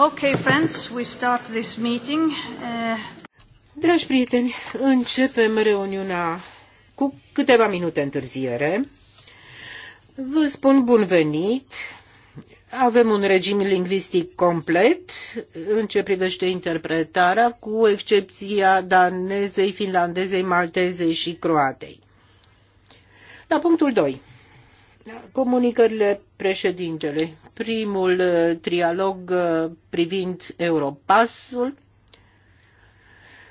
Okay, friends, we start this meeting. Uh... Dragi prieteni, începem reuniunea cu câteva minute întârziere. Vă spun bun venit. Avem un regim lingvistic complet în ce privește interpretarea, cu excepția danezei, finlandezei, maltezei și croatei. La punctul 2 Comunicările președintelui. Primul uh, trialog uh, privind Europasul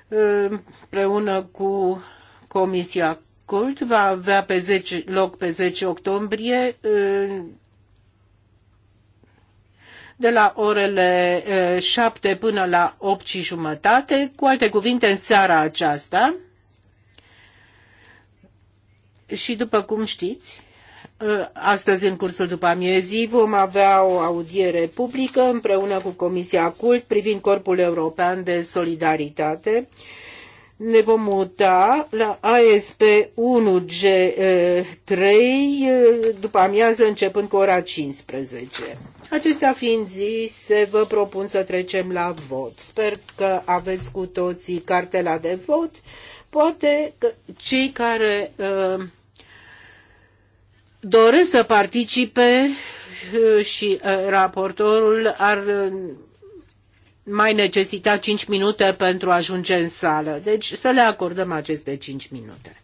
uh, împreună cu Comisia Cult va avea pe 10, loc pe 10 octombrie de la orele 7 până la 8 și jumătate, cu alte cuvinte în seara aceasta. Și după cum știți, Uh, astăzi, în cursul după amiezii, vom avea o audiere publică împreună cu Comisia CULT privind Corpul European de Solidaritate. Ne vom muta la ASP 1G3 uh, uh, după amiază începând cu ora 15. Acestea fiind zise, vă propun să trecem la vot. Sper că aveți cu toții cartela de vot. Poate că cei care uh, doresc să participe uh, și uh, raportorul ar uh, mai necesita 5 minute pentru a ajunge în sală. Deci să le acordăm aceste 5 minute.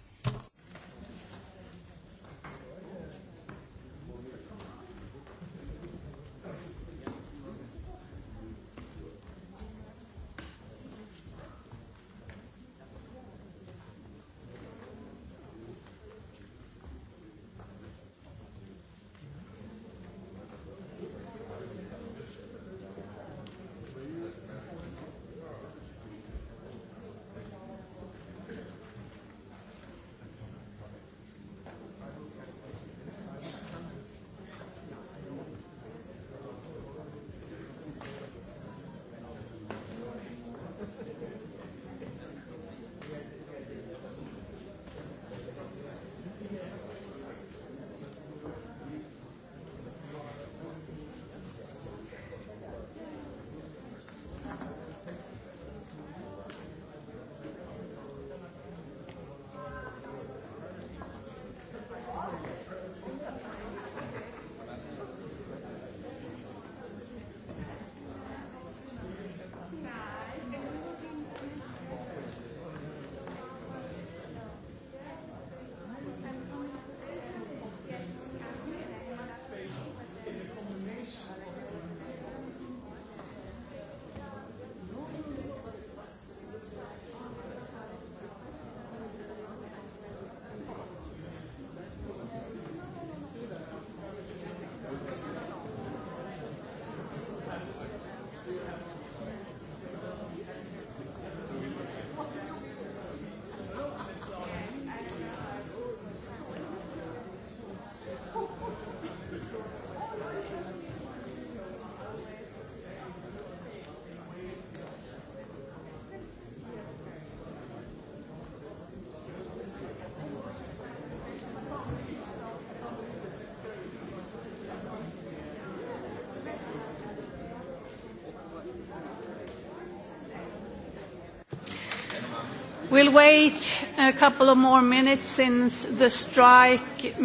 We'll wait a couple of more minutes since the strike...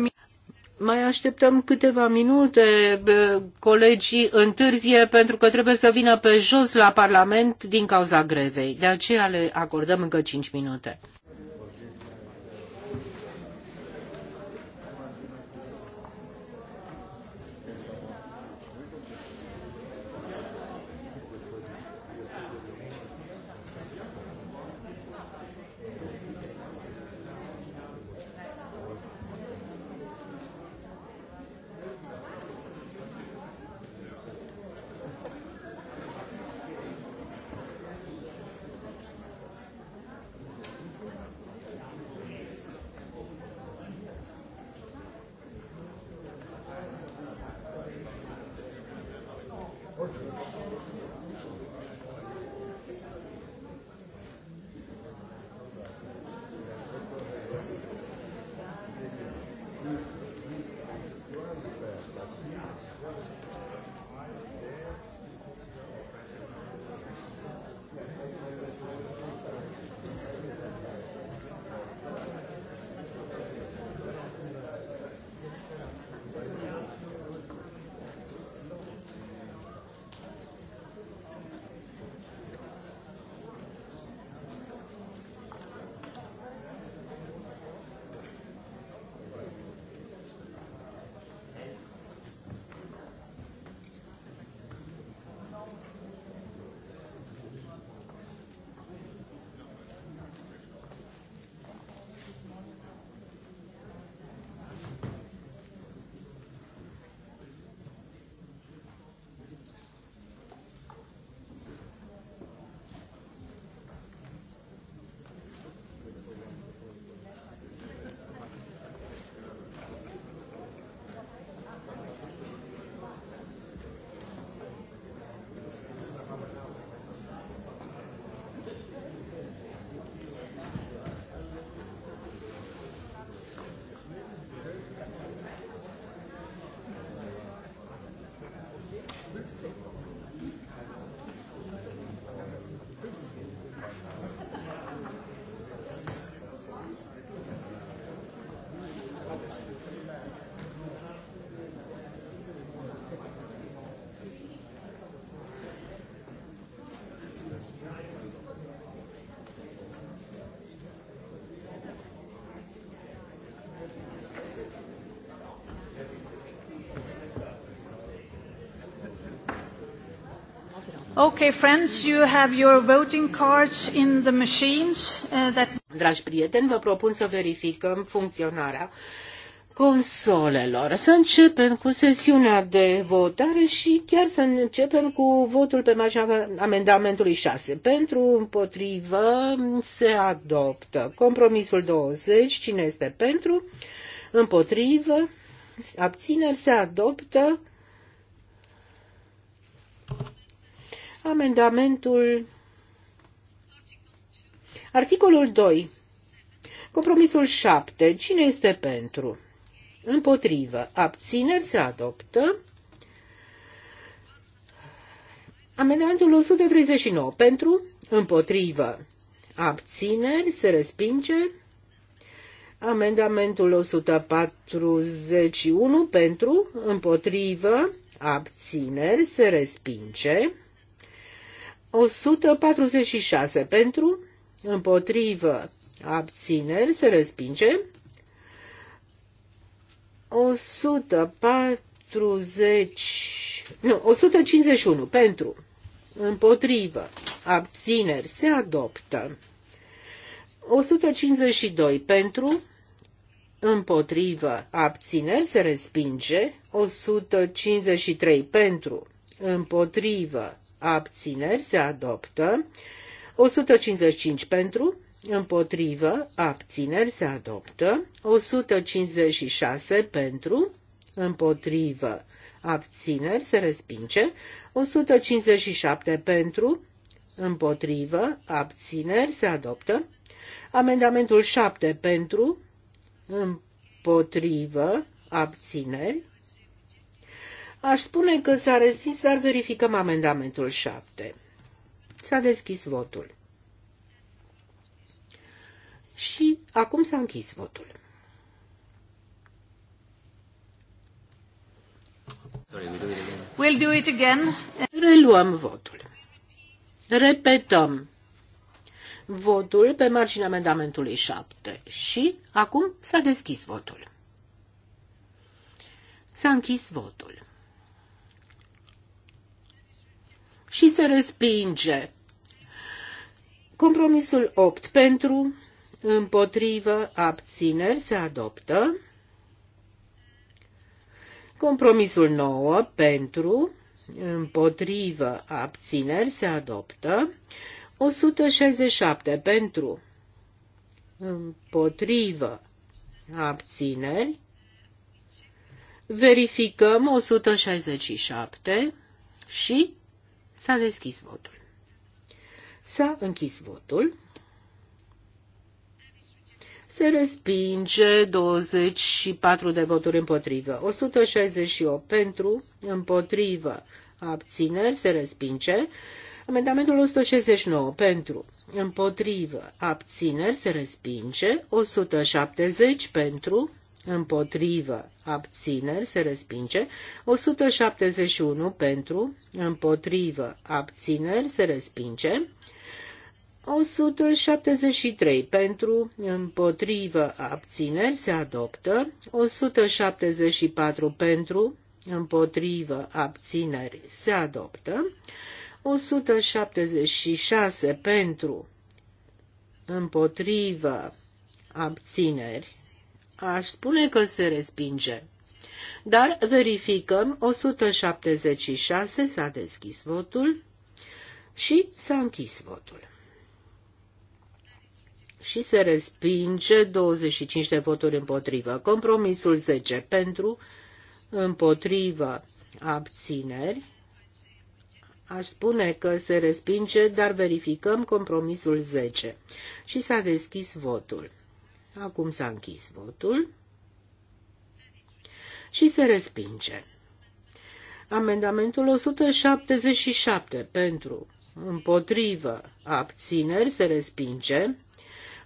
Mai așteptăm câteva minute. Colegii întârzie pentru că trebuie să vină pe jos la Parlament din cauza grevei. De aceea le acordăm încă 5 minute. Okay, friends, you have your voting cards in the machines. Uh, Dragi prieteni, vă propun să verificăm funcționarea consolelor. Să începem cu sesiunea de votare și chiar să începem cu votul pe marginea amendamentului 6. Pentru împotrivă se adoptă compromisul 20. Cine este pentru? Împotrivă. Abțineri se adoptă Amendamentul Articolul 2. Compromisul 7. Cine este pentru? Împotrivă. Abțineri se adoptă. Amendamentul 139. Pentru? Împotrivă. Abțineri se respinge. Amendamentul 141 pentru, împotrivă, abțineri se respinge. 146 pentru, împotrivă, abțineri, se respinge. 140, nu, 151 pentru, împotrivă, abțineri, se adoptă. 152 pentru, împotrivă, abțineri, se respinge. 153 pentru, împotrivă, abțineri se adoptă. 155 pentru, împotrivă, abțineri se adoptă. 156 pentru, împotrivă, abțineri se respinge. 157 pentru, împotrivă, abțineri se adoptă. Amendamentul 7 pentru, împotrivă, abțineri Aș spune că s-a respins, dar verificăm amendamentul 7. S-a deschis votul. Și acum s-a închis votul. We'll do it again. Reluăm votul. Repetăm votul pe marginea amendamentului 7 și acum s-a deschis votul. S-a închis votul. și se respinge. Compromisul 8 pentru, împotrivă, abțineri se adoptă. Compromisul 9 pentru, împotrivă, abțineri se adoptă. 167 pentru, împotrivă, abțineri. Verificăm 167 și S-a deschis votul. S-a închis votul. Se respinge 24 de voturi împotrivă, 168 pentru, împotrivă, abțineri, se respinge. Amendamentul 169 pentru, împotrivă, abțineri, se respinge. 170 pentru, împotrivă, abțineri, se respinge. 171 pentru, împotrivă, abțineri, se respinge. 173 pentru, împotrivă, abțineri, se adoptă. 174 pentru, împotrivă, abțineri, se adoptă. 176 pentru, împotrivă, abțineri, Aș spune că se respinge. Dar verificăm 176, s-a deschis votul și s-a închis votul. Și se respinge 25 de voturi împotrivă. Compromisul 10 pentru, împotrivă, abțineri. Aș spune că se respinge, dar verificăm compromisul 10. Și s-a deschis votul. Acum s-a închis votul și se respinge. Amendamentul 177 pentru, împotrivă, abțineri se respinge.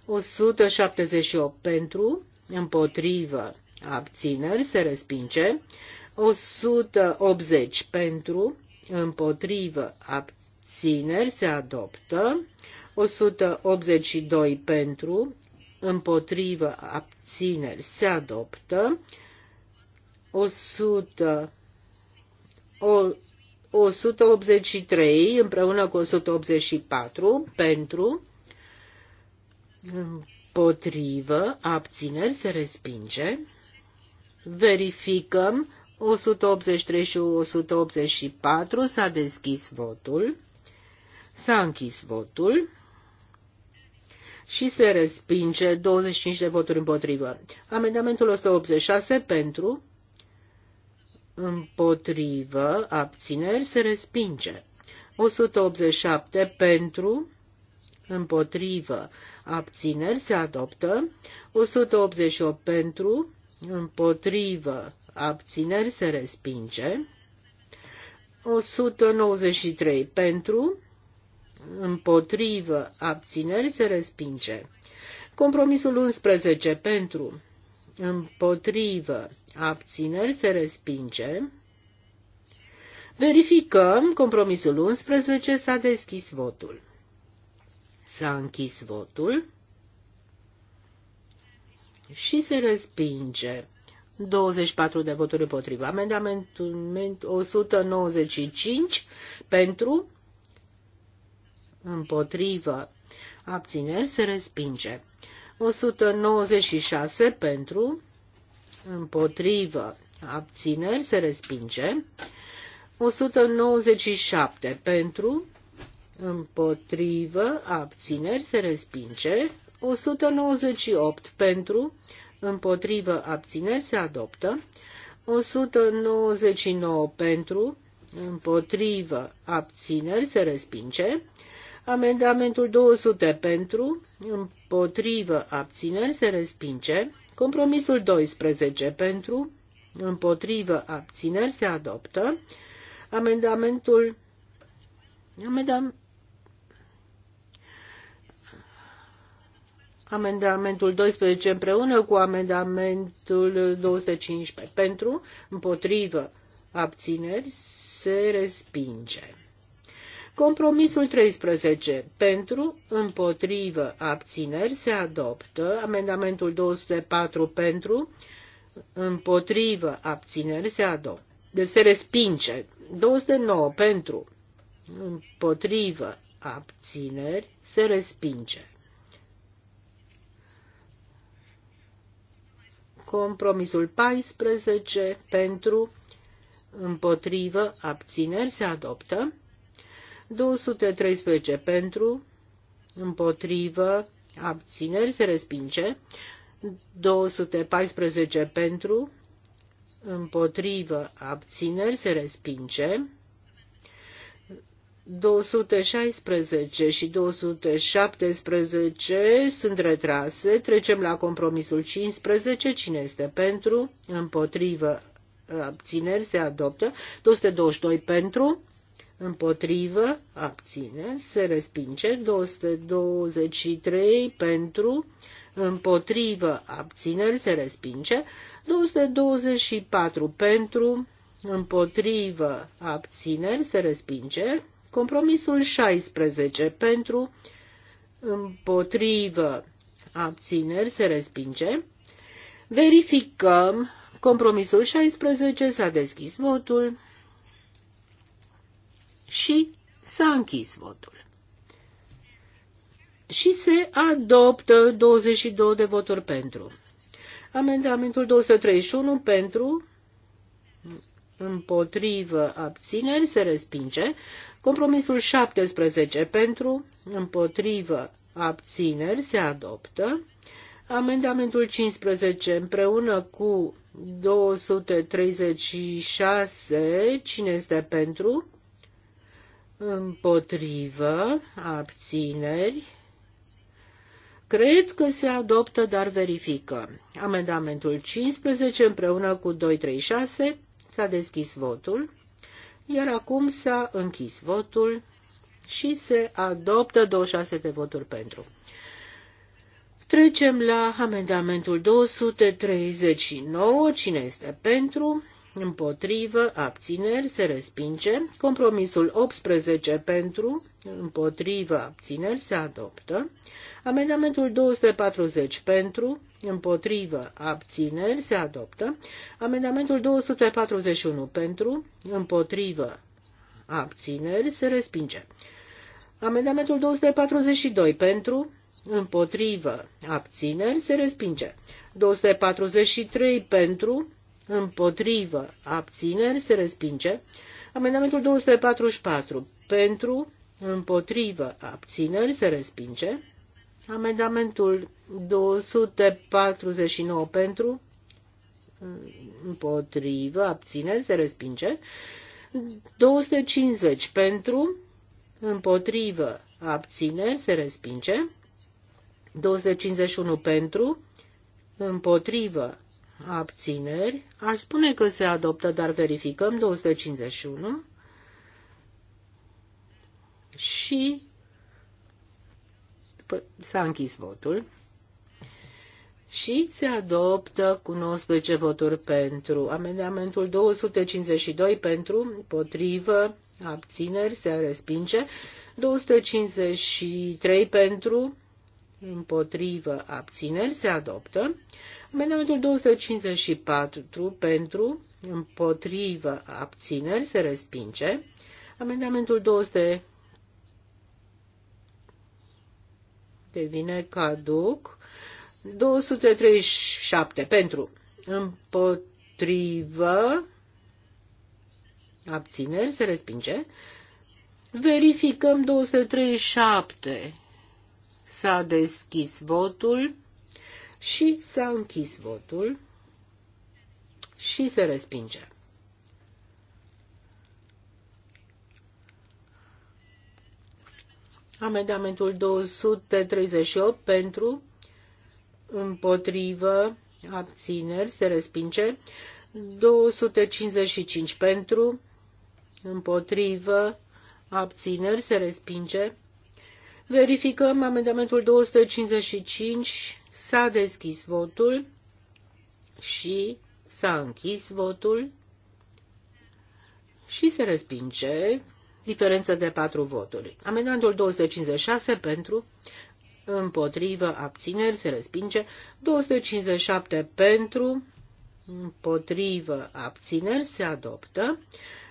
178 pentru, împotrivă, abțineri se respinge. 180 pentru, împotrivă, abțineri se adoptă. 182 pentru, împotrivă, abțineri, se adoptă. 100, o, 183 împreună cu 184 pentru, împotrivă, abțineri, se respinge. Verificăm 183 și 184, s-a deschis votul, s-a închis votul și se respinge 25 de voturi împotrivă. Amendamentul 186 pentru, împotrivă, abțineri, se respinge. 187 pentru, împotrivă, abțineri, se adoptă. 188 pentru, împotrivă, abțineri, se respinge. 193 pentru, împotrivă, abțineri, se respinge. Compromisul 11 pentru, împotrivă, abțineri, se respinge. Verificăm compromisul 11, s-a deschis votul. S-a închis votul și se respinge. 24 de voturi împotriva. Amendamentul 195 pentru, împotrivă, abțineri, se respinge. 196 pentru, împotrivă, abțineri, se respinge. 197 pentru, împotrivă, abțineri, se respinge. 198 pentru, împotrivă, abțineri, se adoptă. 199 pentru, împotrivă, abțineri, se respinge. Amendamentul 200 pentru, împotrivă, abțineri, se respinge. Compromisul 12 pentru, împotrivă, abțineri, se adoptă. Amendamentul amendam, amendamentul 12 împreună cu amendamentul 215 pentru, împotrivă, abțineri, se respinge. Compromisul 13. Pentru, împotrivă, abțineri se adoptă. Amendamentul 204 pentru, împotrivă, abțineri se adoptă. De deci se respinge. 209 pentru, împotrivă, abțineri se respinge. Compromisul 14 pentru, împotrivă, abțineri se adoptă. 213 pentru, împotrivă, abțineri, se respinge. 214 pentru, împotrivă, abțineri, se respinge. 216 și 217 sunt retrase. Trecem la compromisul 15. Cine este pentru? Împotrivă, abțineri, se adoptă. 222 pentru, împotrivă, abține, se respinge, 223 pentru, împotrivă, abțineri, se respinge, 224 pentru, împotrivă, abțineri, se respinge, compromisul 16 pentru, împotrivă, abțineri, se respinge, verificăm, compromisul 16 s-a deschis votul, și s-a închis votul. Și se adoptă 22 de voturi pentru. Amendamentul 231 pentru, împotrivă, abțineri, se respinge. Compromisul 17 pentru, împotrivă, abțineri, se adoptă. Amendamentul 15 împreună cu 236, cine este pentru? împotrivă, abțineri. Cred că se adoptă, dar verificăm. Amendamentul 15 împreună cu 236 s-a deschis votul, iar acum s-a închis votul și se adoptă 26 de voturi pentru. Trecem la amendamentul 239. Cine este pentru? împotrivă, abțineri, se respinge. Compromisul 18 pentru, împotrivă, abțineri, se adoptă. Amendamentul 240 pentru, împotrivă, abțineri, se adoptă. Amendamentul 241 pentru, împotrivă, abțineri, se respinge. Amendamentul 242 pentru, împotrivă, abțineri, se respinge. 243 pentru, împotrivă, abțineri, se respinge. Amendamentul 244, pentru, împotrivă, abțineri, se respinge. Amendamentul 249 pentru, împotrivă, abțineri, se respinge. 250 pentru, împotrivă, abțineri, se respinge. 251 pentru, împotrivă, abțineri, aș spune că se adoptă, dar verificăm 251 și s-a închis votul și se adoptă cu 19 voturi pentru. Amendamentul 252 pentru, potrivă, abțineri, se respinge. 253 pentru, împotrivă, abțineri, se adoptă. Amendamentul 254 pentru, împotrivă, abțineri, se respinge. Amendamentul 200 devine caduc. 237 pentru, împotrivă, abțineri, se respinge. Verificăm 237. S-a deschis votul și s-a închis votul și se respinge. Amendamentul 238 pentru, împotrivă, abțineri, se respinge. 255 pentru, împotrivă, abțineri, se respinge. Verificăm amendamentul 255 S-a deschis votul și s-a închis votul și se respinge diferență de patru voturi. Amendamentul 256 pentru, împotrivă, abțineri, se respinge. 257 pentru, împotrivă, abțineri, se adoptă.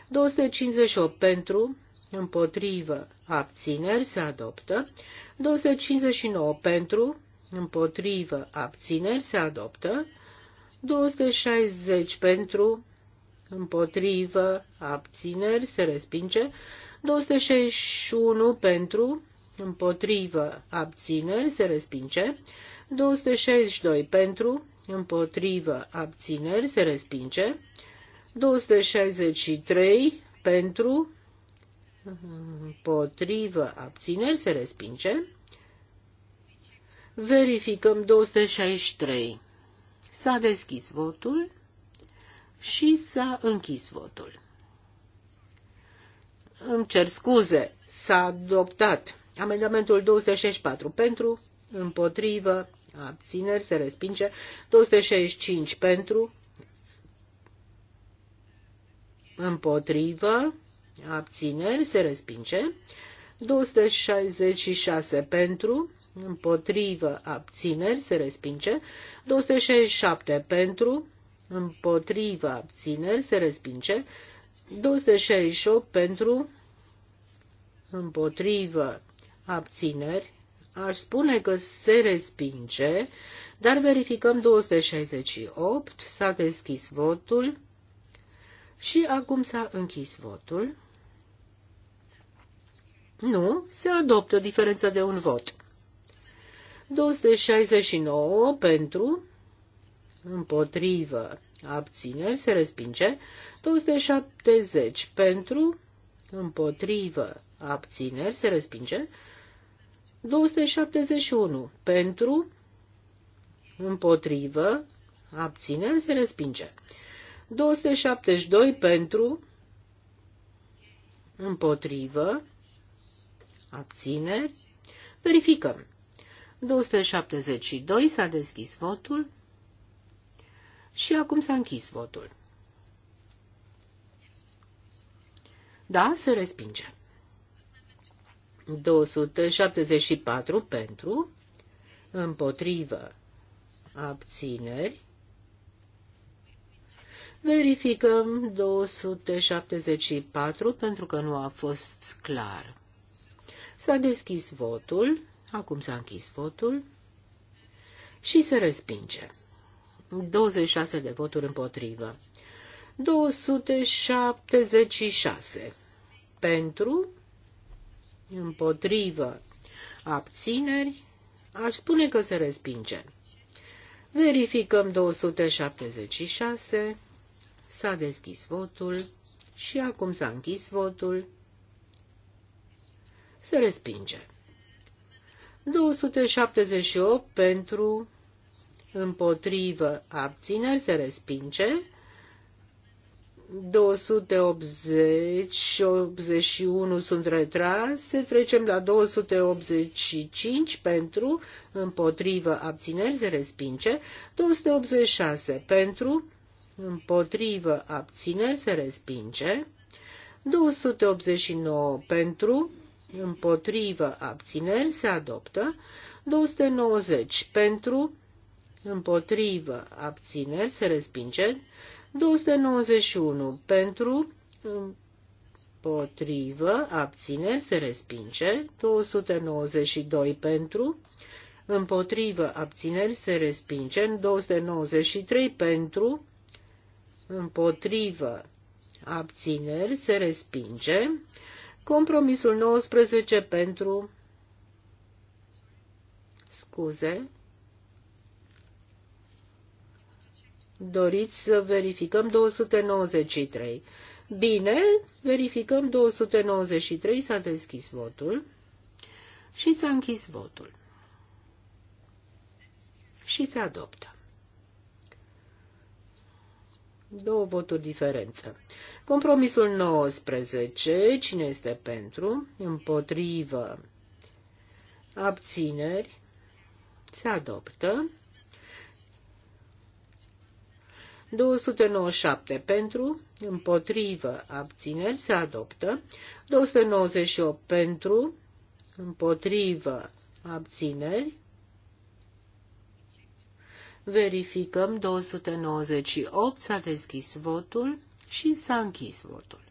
258 pentru, împotrivă, abțineri, se adoptă. 259 pentru, împotrivă, abțineri, se adoptă. 260 pentru, împotrivă, abțineri, se respinge. 261 pentru, împotrivă, abțineri, se respinge. 262 pentru, împotrivă, abțineri, se respinge. 263 pentru, împotrivă, abțineri, se respinge. Verificăm 263. S-a deschis votul și s-a închis votul. Îmi cer scuze, s-a adoptat amendamentul 264 pentru, împotrivă, abțineri, se respinge, 265 pentru, împotrivă, abțineri, se respinge, 266 pentru, împotrivă, abțineri, se respinge. 267 pentru, împotrivă, abțineri, se respinge. 268 pentru, împotrivă, abțineri, aș spune că se respinge, dar verificăm 268, s-a deschis votul și acum s-a închis votul. Nu, se adoptă diferența de un vot. 269 pentru, împotrivă, abțineri, se respinge. 270 pentru, împotrivă, abțineri, se respinge. 271 pentru, împotrivă, abțineri, se respinge. 272 pentru, împotrivă, abțineri, verificăm. 272 s-a deschis votul și acum s-a închis votul. Da, se respinge. 274 pentru, împotrivă, abțineri. Verificăm 274 pentru că nu a fost clar. S-a deschis votul Acum s-a închis votul și se respinge. 26 de voturi împotrivă. 276 pentru, împotrivă, abțineri, aș spune că se respinge. Verificăm 276, s-a deschis votul și acum s-a închis votul, se respinge. 278 pentru împotrivă abțineri se respinge. 280 81 sunt retrase, trecem la 285 pentru, împotrivă, abțineri, se respinge, 286 pentru, împotrivă, abțineri, se respinge, 289 pentru, împotrivă, abțineri, se adoptă. 290 pentru, împotrivă, abțineri, se respinge. 291 pentru, împotrivă, abțineri, se respinge. 292 pentru, împotrivă, abțineri, se respinge. 293 pentru, împotrivă, abțineri, se respinge. Compromisul 19 pentru scuze. Doriți să verificăm 293. Bine, verificăm 293, s-a deschis votul și s-a închis votul. Și se adoptă. Două voturi diferență. Compromisul 19. Cine este pentru? Împotrivă. Abțineri. Se adoptă. 297 pentru, împotrivă, abțineri, se adoptă. 298 pentru, împotrivă, abțineri, Verificăm 298, s-a deschis votul și s-a închis votul.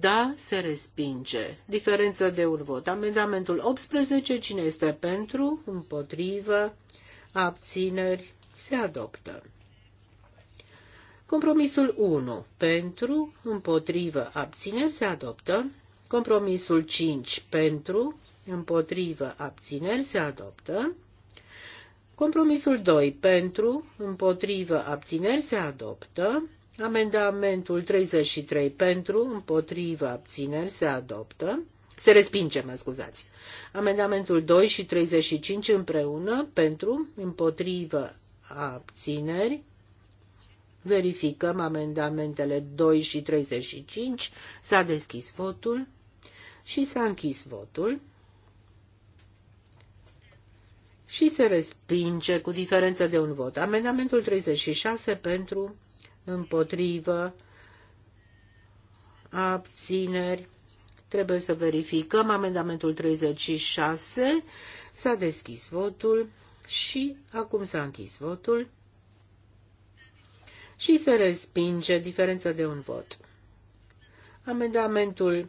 Da, se respinge. Diferență de un vot. Amendamentul 18, cine este pentru, împotrivă, abțineri, se adoptă. Compromisul 1. Pentru, împotrivă, abțineri se adoptă. Compromisul 5. Pentru, împotrivă, abțineri se adoptă. Compromisul 2. Pentru, împotrivă, abțineri se adoptă. Amendamentul 33 pentru, împotrivă, abțineri se adoptă. Se respinge, mă scuzați. Amendamentul 2 și 35 împreună pentru, împotrivă, abțineri. Verificăm amendamentele 2 și 35. S-a deschis votul și s-a închis votul și se respinge cu diferență de un vot. Amendamentul 36 pentru, împotrivă, abțineri. Trebuie să verificăm amendamentul 36. S-a deschis votul și acum s-a închis votul și se respinge diferența de un vot. Amendamentul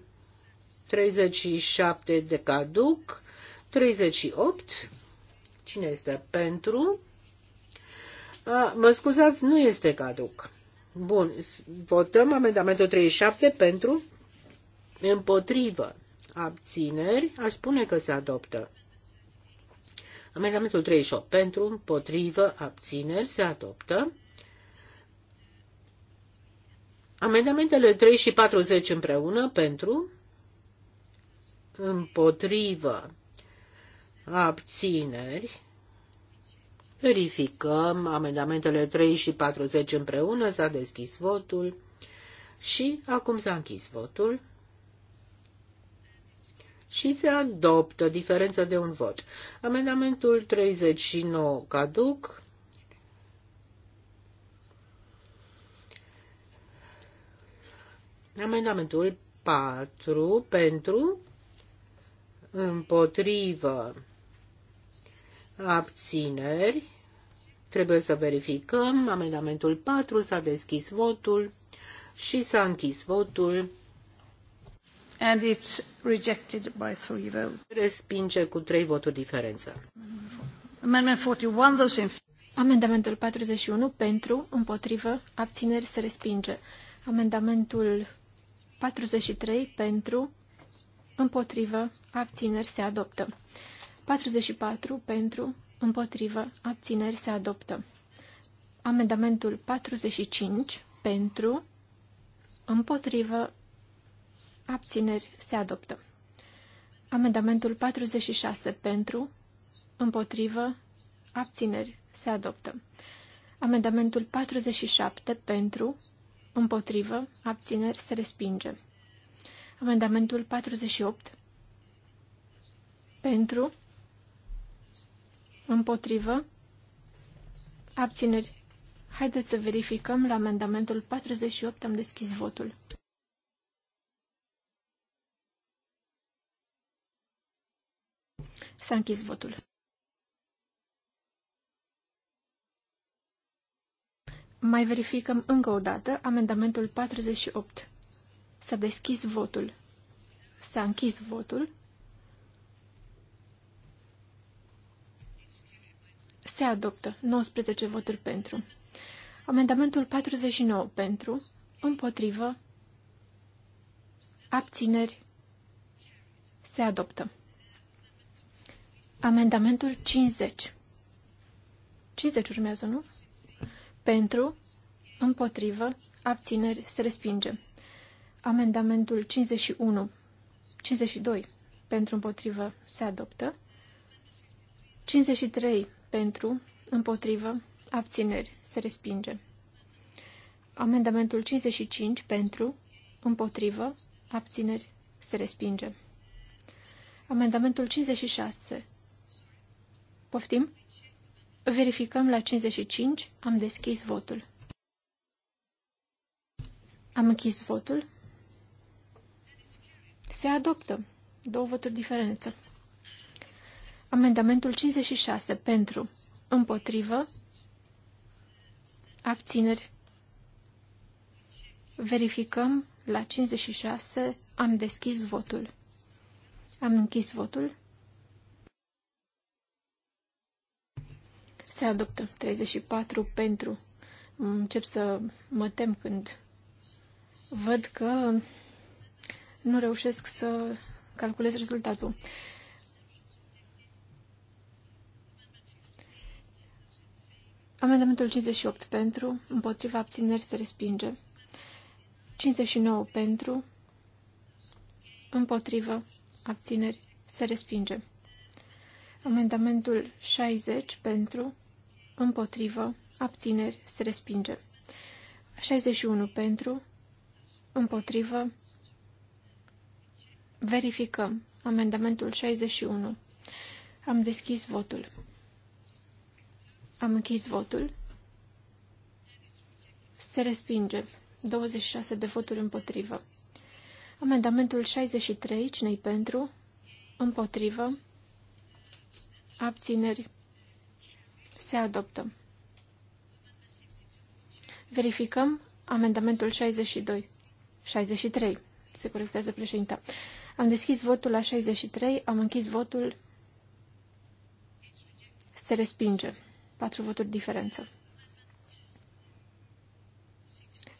37 de caduc, 38 Cine este pentru? A, mă scuzați, nu este caduc. Bun, votăm amendamentul 37 pentru, împotrivă, abțineri, aș spune că se adoptă. Amendamentul 38 pentru, împotrivă, abțineri, se adoptă. Amendamentele 3 și 40 împreună pentru, împotrivă, abțineri. Verificăm amendamentele 3 și 40 împreună, s-a deschis votul și acum s-a închis votul și se adoptă diferența de un vot. Amendamentul 39 caduc. Amendamentul 4 pentru împotrivă abțineri. Trebuie să verificăm. Amendamentul 4 s-a deschis votul și s-a închis votul. And it's rejected by three votes. Respinge cu trei voturi diferență. Amendment 41, those in... Amendamentul 41 pentru, împotrivă, abțineri se respinge. Amendamentul 43 pentru, împotrivă, abțineri se adoptă. 44 pentru, împotrivă, abțineri se adoptă. Amendamentul 45 pentru, împotrivă, abțineri se adoptă. Amendamentul 46 pentru, împotrivă, abțineri se adoptă. Amendamentul 47 pentru, împotrivă, abțineri se respinge. Amendamentul 48 pentru, Împotrivă? Abțineri. Haideți să verificăm la amendamentul 48. Am deschis votul. S-a închis votul. Mai verificăm încă o dată amendamentul 48. S-a deschis votul. S-a închis votul. se adoptă. 19 voturi pentru. Amendamentul 49 pentru, împotrivă, abțineri, se adoptă. Amendamentul 50. 50 urmează, nu? Pentru, împotrivă, abțineri, se respinge. Amendamentul 51, 52, pentru împotrivă, se adoptă. 53 pentru, împotrivă, abțineri, se respinge. Amendamentul 55 pentru, împotrivă, abțineri, se respinge. Amendamentul 56. Poftim? Verificăm la 55. Am deschis votul. Am închis votul. Se adoptă. Două voturi diferență. Amendamentul 56 pentru, împotrivă, abțineri. Verificăm la 56, am deschis votul. Am închis votul. Se adoptă 34 pentru. Încep să mă tem când văd că nu reușesc să calculez rezultatul. Amendamentul 58 pentru, împotriva abțineri se respinge. 59 pentru, împotrivă, abțineri se respinge. Amendamentul 60 pentru, împotrivă, abțineri se respinge. 61 pentru, împotrivă, verificăm. Amendamentul 61. Am deschis votul. Am închis votul. Se respinge. 26 de voturi împotrivă. Amendamentul 63, cine pentru? Împotrivă. Abțineri. Se adoptă. Verificăm amendamentul 62. 63. Se corectează președinta. Am deschis votul la 63, am închis votul. Se respinge. Patru voturi diferență.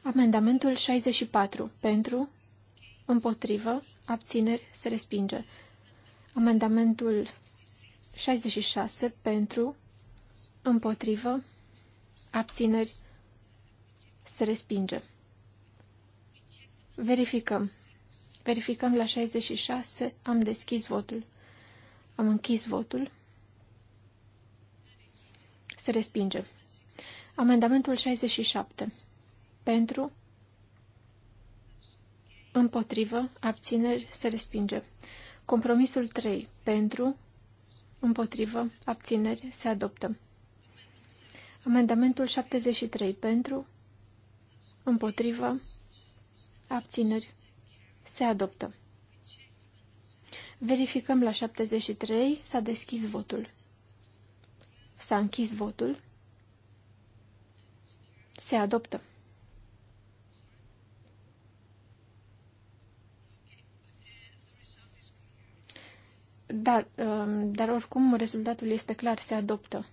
Amendamentul 64. Pentru, împotrivă, abțineri, se respinge. Amendamentul 66. Pentru, împotrivă, abțineri, se respinge. Verificăm. Verificăm la 66. Am deschis votul. Am închis votul. Se respinge. Amendamentul 67. Pentru. Împotrivă. Abțineri. Se respinge. Compromisul 3. Pentru. Împotrivă. Abțineri. Se adoptă. Amendamentul 73. Pentru. Împotrivă. Abțineri. Se adoptă. Verificăm la 73. S-a deschis votul. S-a închis votul. Se adoptă. Da, um, dar oricum rezultatul este clar, se adoptă.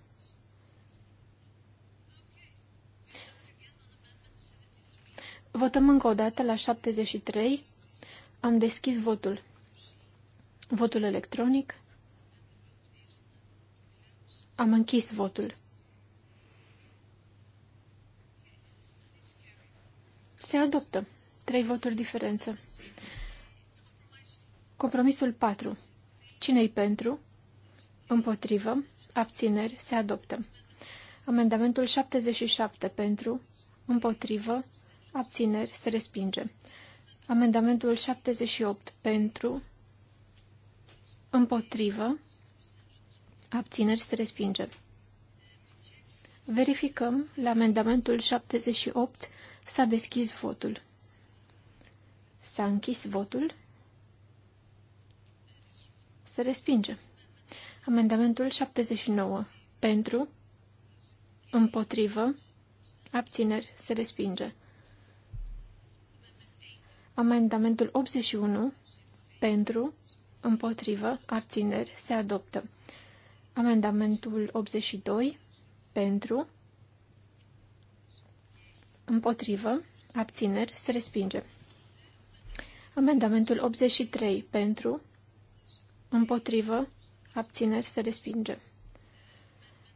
Votăm încă o dată la 73. Am deschis votul. Votul electronic. Am închis votul. Se adoptă. Trei voturi diferență. Compromisul 4. Cine-i pentru? Împotrivă. Abțineri. Se adoptă. Amendamentul 77 pentru. Împotrivă. Abțineri. Se respinge. Amendamentul 78 pentru. Împotrivă. Abțineri se respinge. Verificăm la amendamentul 78 s-a deschis votul. S-a închis votul. Se respinge. Amendamentul 79. Pentru. Împotrivă. Abțineri. Se respinge. Amendamentul 81. Pentru. Împotrivă. Abțineri. Se adoptă. Amendamentul 82 pentru, împotrivă, abțineri, se respinge. Amendamentul 83 pentru, împotrivă, abțineri, se respinge.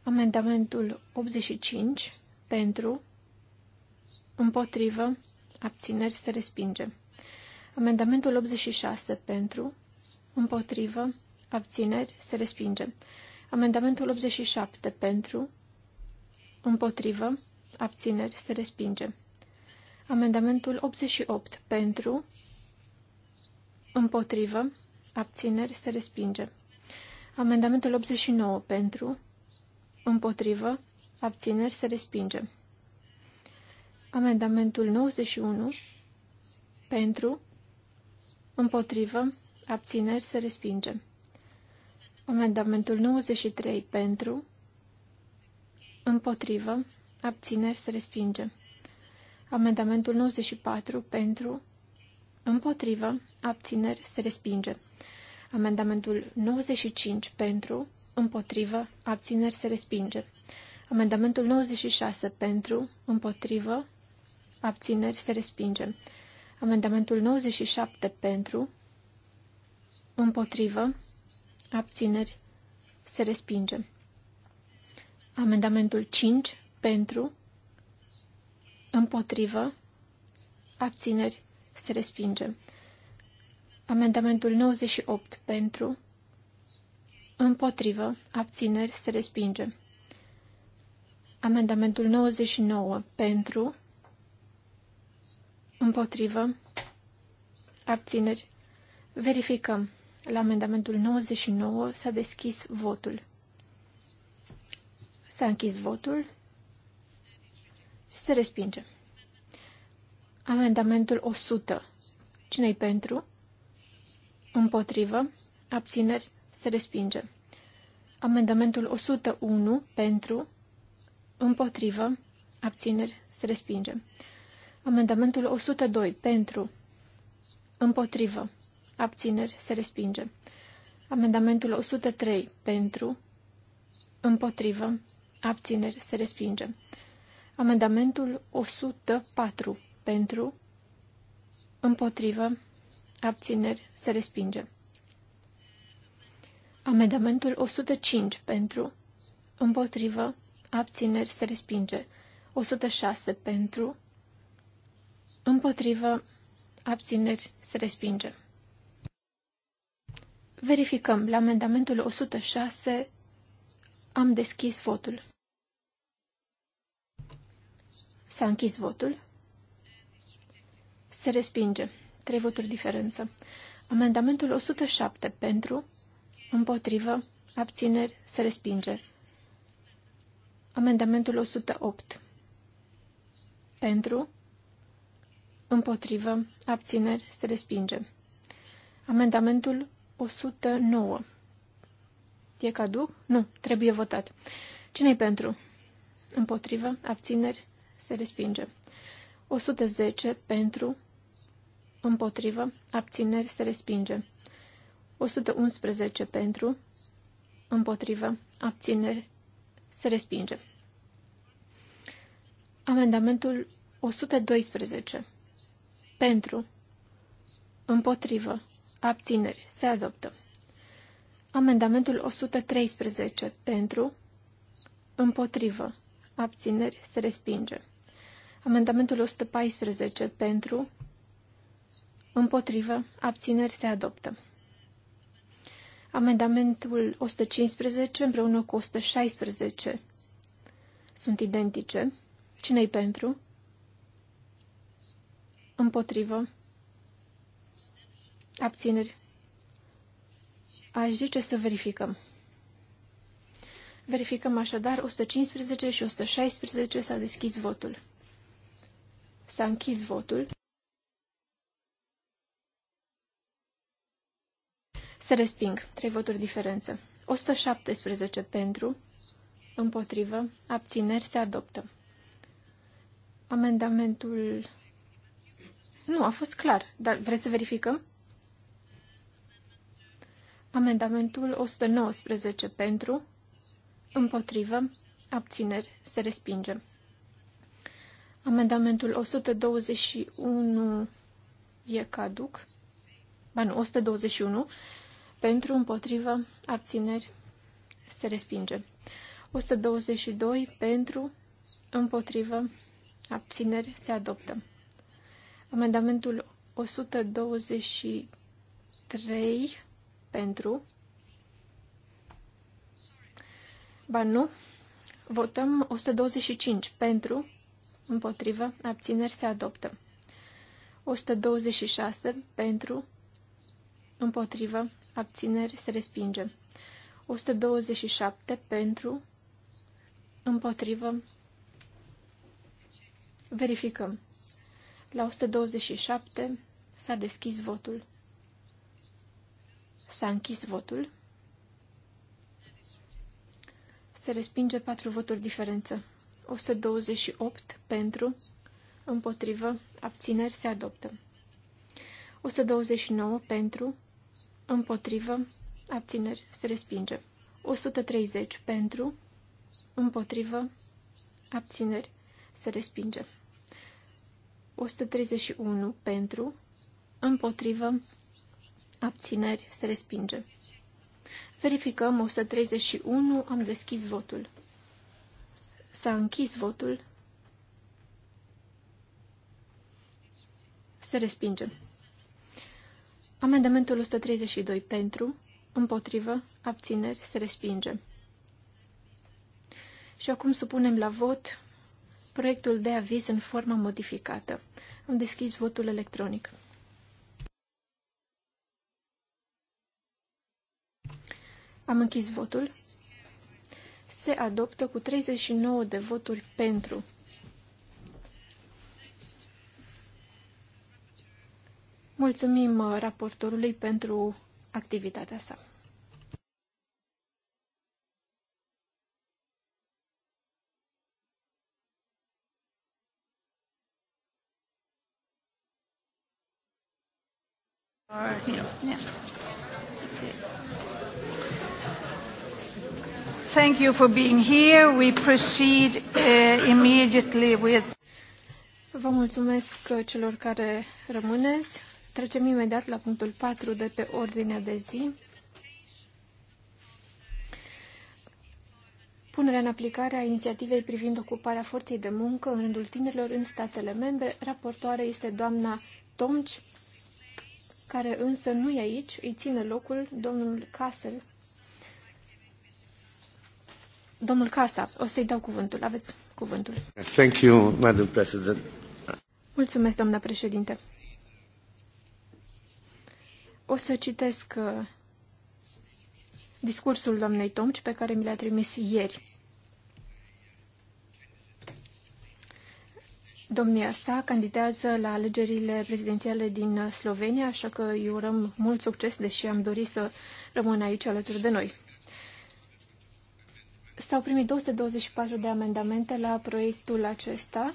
Amendamentul 85 pentru, împotrivă, abțineri, se respinge. Amendamentul 86 pentru, împotrivă, abțineri, se respinge. Amendamentul 87 pentru, împotrivă, abțineri, se respinge. Amendamentul 88 pentru, împotrivă, abțineri, se respinge. Amendamentul 89 pentru, împotrivă, abțineri, se respinge. Amendamentul 91 pentru, împotrivă, abțineri, se respinge. Amendamentul 93 pentru, împotrivă, abțineri se respinge. Amendamentul 94 pentru, împotrivă, abțineri se respinge. Amendamentul 95 pentru, împotrivă, abțineri se respinge. Amendamentul 96 pentru, împotrivă, abțineri se respinge. Amendamentul 97 pentru, împotrivă, abțineri, se respinge. Amendamentul 5 pentru, împotrivă, abțineri, se respinge. Amendamentul 98 pentru, împotrivă, abțineri, se respinge. Amendamentul 99 pentru, împotrivă, abțineri, verificăm. La amendamentul 99 s-a deschis votul. S-a închis votul și se respinge. Amendamentul 100. Cine-i pentru? Împotrivă. Abțineri. Se respinge. Amendamentul 101. Pentru. Împotrivă. Abțineri. Se respinge. Amendamentul 102. Pentru. Împotrivă abțineri, se respinge. Amendamentul 103 pentru, împotrivă, abțineri, se respinge. Amendamentul 104 pentru, împotrivă, abțineri, se respinge. Amendamentul 105 pentru, împotrivă, abțineri, se respinge. 106 pentru, împotrivă, abțineri, se respinge. Verificăm. La amendamentul 106 am deschis votul. S-a închis votul. Se respinge. Trei voturi diferență. Amendamentul 107 pentru, împotrivă, abțineri, se respinge. Amendamentul 108 pentru, împotrivă, abțineri, se respinge. Amendamentul 109. E caduc? Nu, trebuie votat. Cine-i pentru? Împotrivă, abțineri, se respinge. 110 pentru, împotrivă, abțineri, se respinge. 111 pentru, împotrivă, abțineri, se respinge. Amendamentul 112. Pentru, împotrivă, Abțineri. Se adoptă. Amendamentul 113. Pentru. Împotrivă. Abțineri. Se respinge. Amendamentul 114. Pentru. Împotrivă. Abțineri. Se adoptă. Amendamentul 115 împreună cu 116 sunt identice. Cine-i pentru? Împotrivă. Abțineri. Aș zice să verificăm. Verificăm așadar 115 și 116 s-a deschis votul. S-a închis votul. Se resping. Trei voturi diferență. 117 pentru, împotrivă, abțineri se adoptă. Amendamentul... Nu, a fost clar, dar vreți să verificăm? Amendamentul 119 pentru, împotrivă, abțineri, se respinge. Amendamentul 121 e caduc, ba nu, 121, pentru, împotrivă, abțineri, se respinge. 122 pentru, împotrivă, abțineri, se adoptă. Amendamentul 123 pentru. Ba nu. Votăm 125 pentru, împotrivă, abțineri se adoptă. 126 pentru, împotrivă, abțineri se respinge. 127 pentru, împotrivă, verificăm. La 127 s-a deschis votul. S-a închis votul. Se respinge patru voturi diferență. 128 pentru, împotrivă, abțineri se adoptă. 129 pentru, împotrivă, abțineri se respinge. 130 pentru, împotrivă, abțineri se respinge. 131 pentru, împotrivă, Abțineri. Se respinge. Verificăm 131. Am deschis votul. S-a închis votul. Se respinge. Amendamentul 132 pentru, împotrivă, abțineri, se respinge. Și acum supunem la vot proiectul de aviz în formă modificată. Am deschis votul electronic. Am închis votul. Se adoptă cu 39 de voturi pentru. Mulțumim uh, raportorului pentru activitatea sa. Or, you know, yeah. Thank you for being here. We proceed uh, immediately with... Vă mulțumesc celor care rămâneți. Trecem imediat la punctul 4 de pe ordinea de zi. Punerea în aplicare a inițiativei privind ocuparea forței de muncă în rândul tinerilor în statele membre. Raportoare este doamna Tomci, care însă nu e aici, îi ține locul domnul Castle. Domnul Casa, o să-i dau cuvântul. Aveți cuvântul. Thank you, Madam President. Mulțumesc, doamna președinte. O să citesc uh, discursul doamnei Tomci pe care mi l-a trimis ieri. Domnia sa candidează la alegerile prezidențiale din uh, Slovenia, așa că îi urăm mult succes, deși am dorit să rămână aici alături de noi. S-au primit 224 de amendamente la proiectul acesta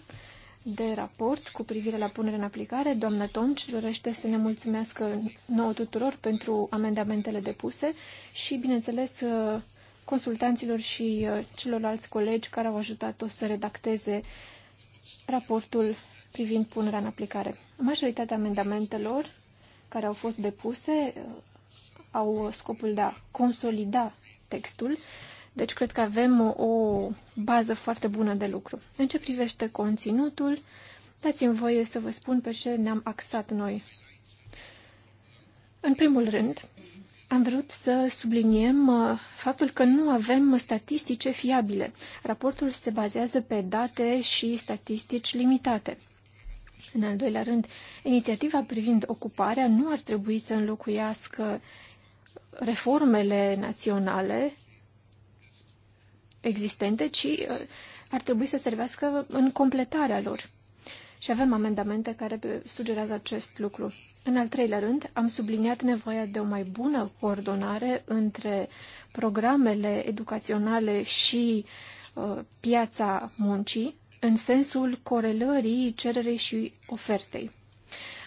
de raport cu privire la punerea în aplicare. Doamna Tonci dorește să ne mulțumească nouă tuturor pentru amendamentele depuse și, bineînțeles, uh, consultanților și uh, celorlalți colegi care au ajutat-o să redacteze raportul privind punerea în aplicare. Majoritatea amendamentelor care au fost depuse uh, au scopul de a consolida textul, deci cred că avem o, bază foarte bună de lucru. În ce privește conținutul, dați-mi voie să vă spun pe ce ne-am axat noi. În primul rând, am vrut să subliniem uh, faptul că nu avem statistice fiabile. Raportul se bazează pe date și statistici limitate. În al doilea rând, inițiativa privind ocuparea nu ar trebui să înlocuiască reformele naționale existente, ci uh, ar trebui să servească în completarea lor. Și avem amendamente care uh, sugerează acest lucru. În al treilea rând, am subliniat nevoia de o mai bună coordonare între programele educaționale și uh, piața muncii, în sensul corelării cererii și ofertei.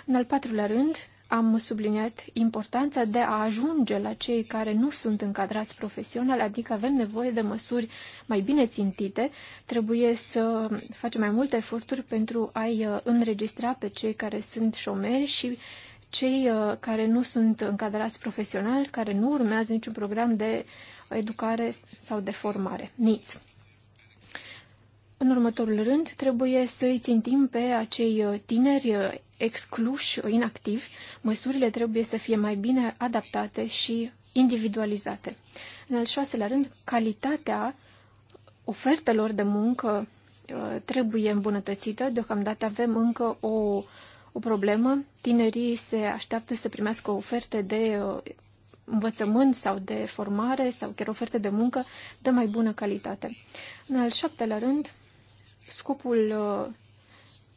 În al patrulea rând, am subliniat importanța de a ajunge la cei care nu sunt încadrați profesional, adică avem nevoie de măsuri mai bine țintite, trebuie să facem mai multe eforturi pentru a-i uh, înregistra pe cei care sunt șomeri și cei uh, care nu sunt încadrați profesional, care nu urmează niciun program de educare sau de formare. niți. În următorul rând, trebuie să îi țintim pe acei uh, tineri excluși, inactivi, măsurile trebuie să fie mai bine adaptate și individualizate. În al șaselea rând, calitatea ofertelor de muncă uh, trebuie îmbunătățită. Deocamdată avem încă o, o problemă. Tinerii se așteaptă să primească oferte de uh, învățământ sau de formare sau chiar oferte de muncă de mai bună calitate. În al șaptelea rând, scopul uh,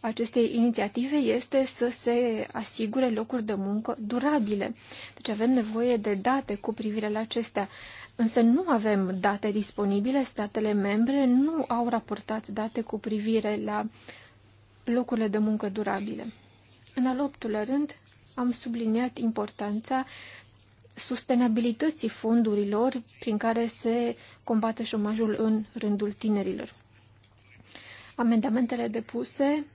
acestei inițiative este să se asigure locuri de muncă durabile. Deci avem nevoie de date cu privire la acestea. Însă nu avem date disponibile, statele membre nu au raportat date cu privire la locurile de muncă durabile. În al optulea rând, am subliniat importanța sustenabilității fondurilor prin care se combate șomajul în rândul tinerilor. Amendamentele depuse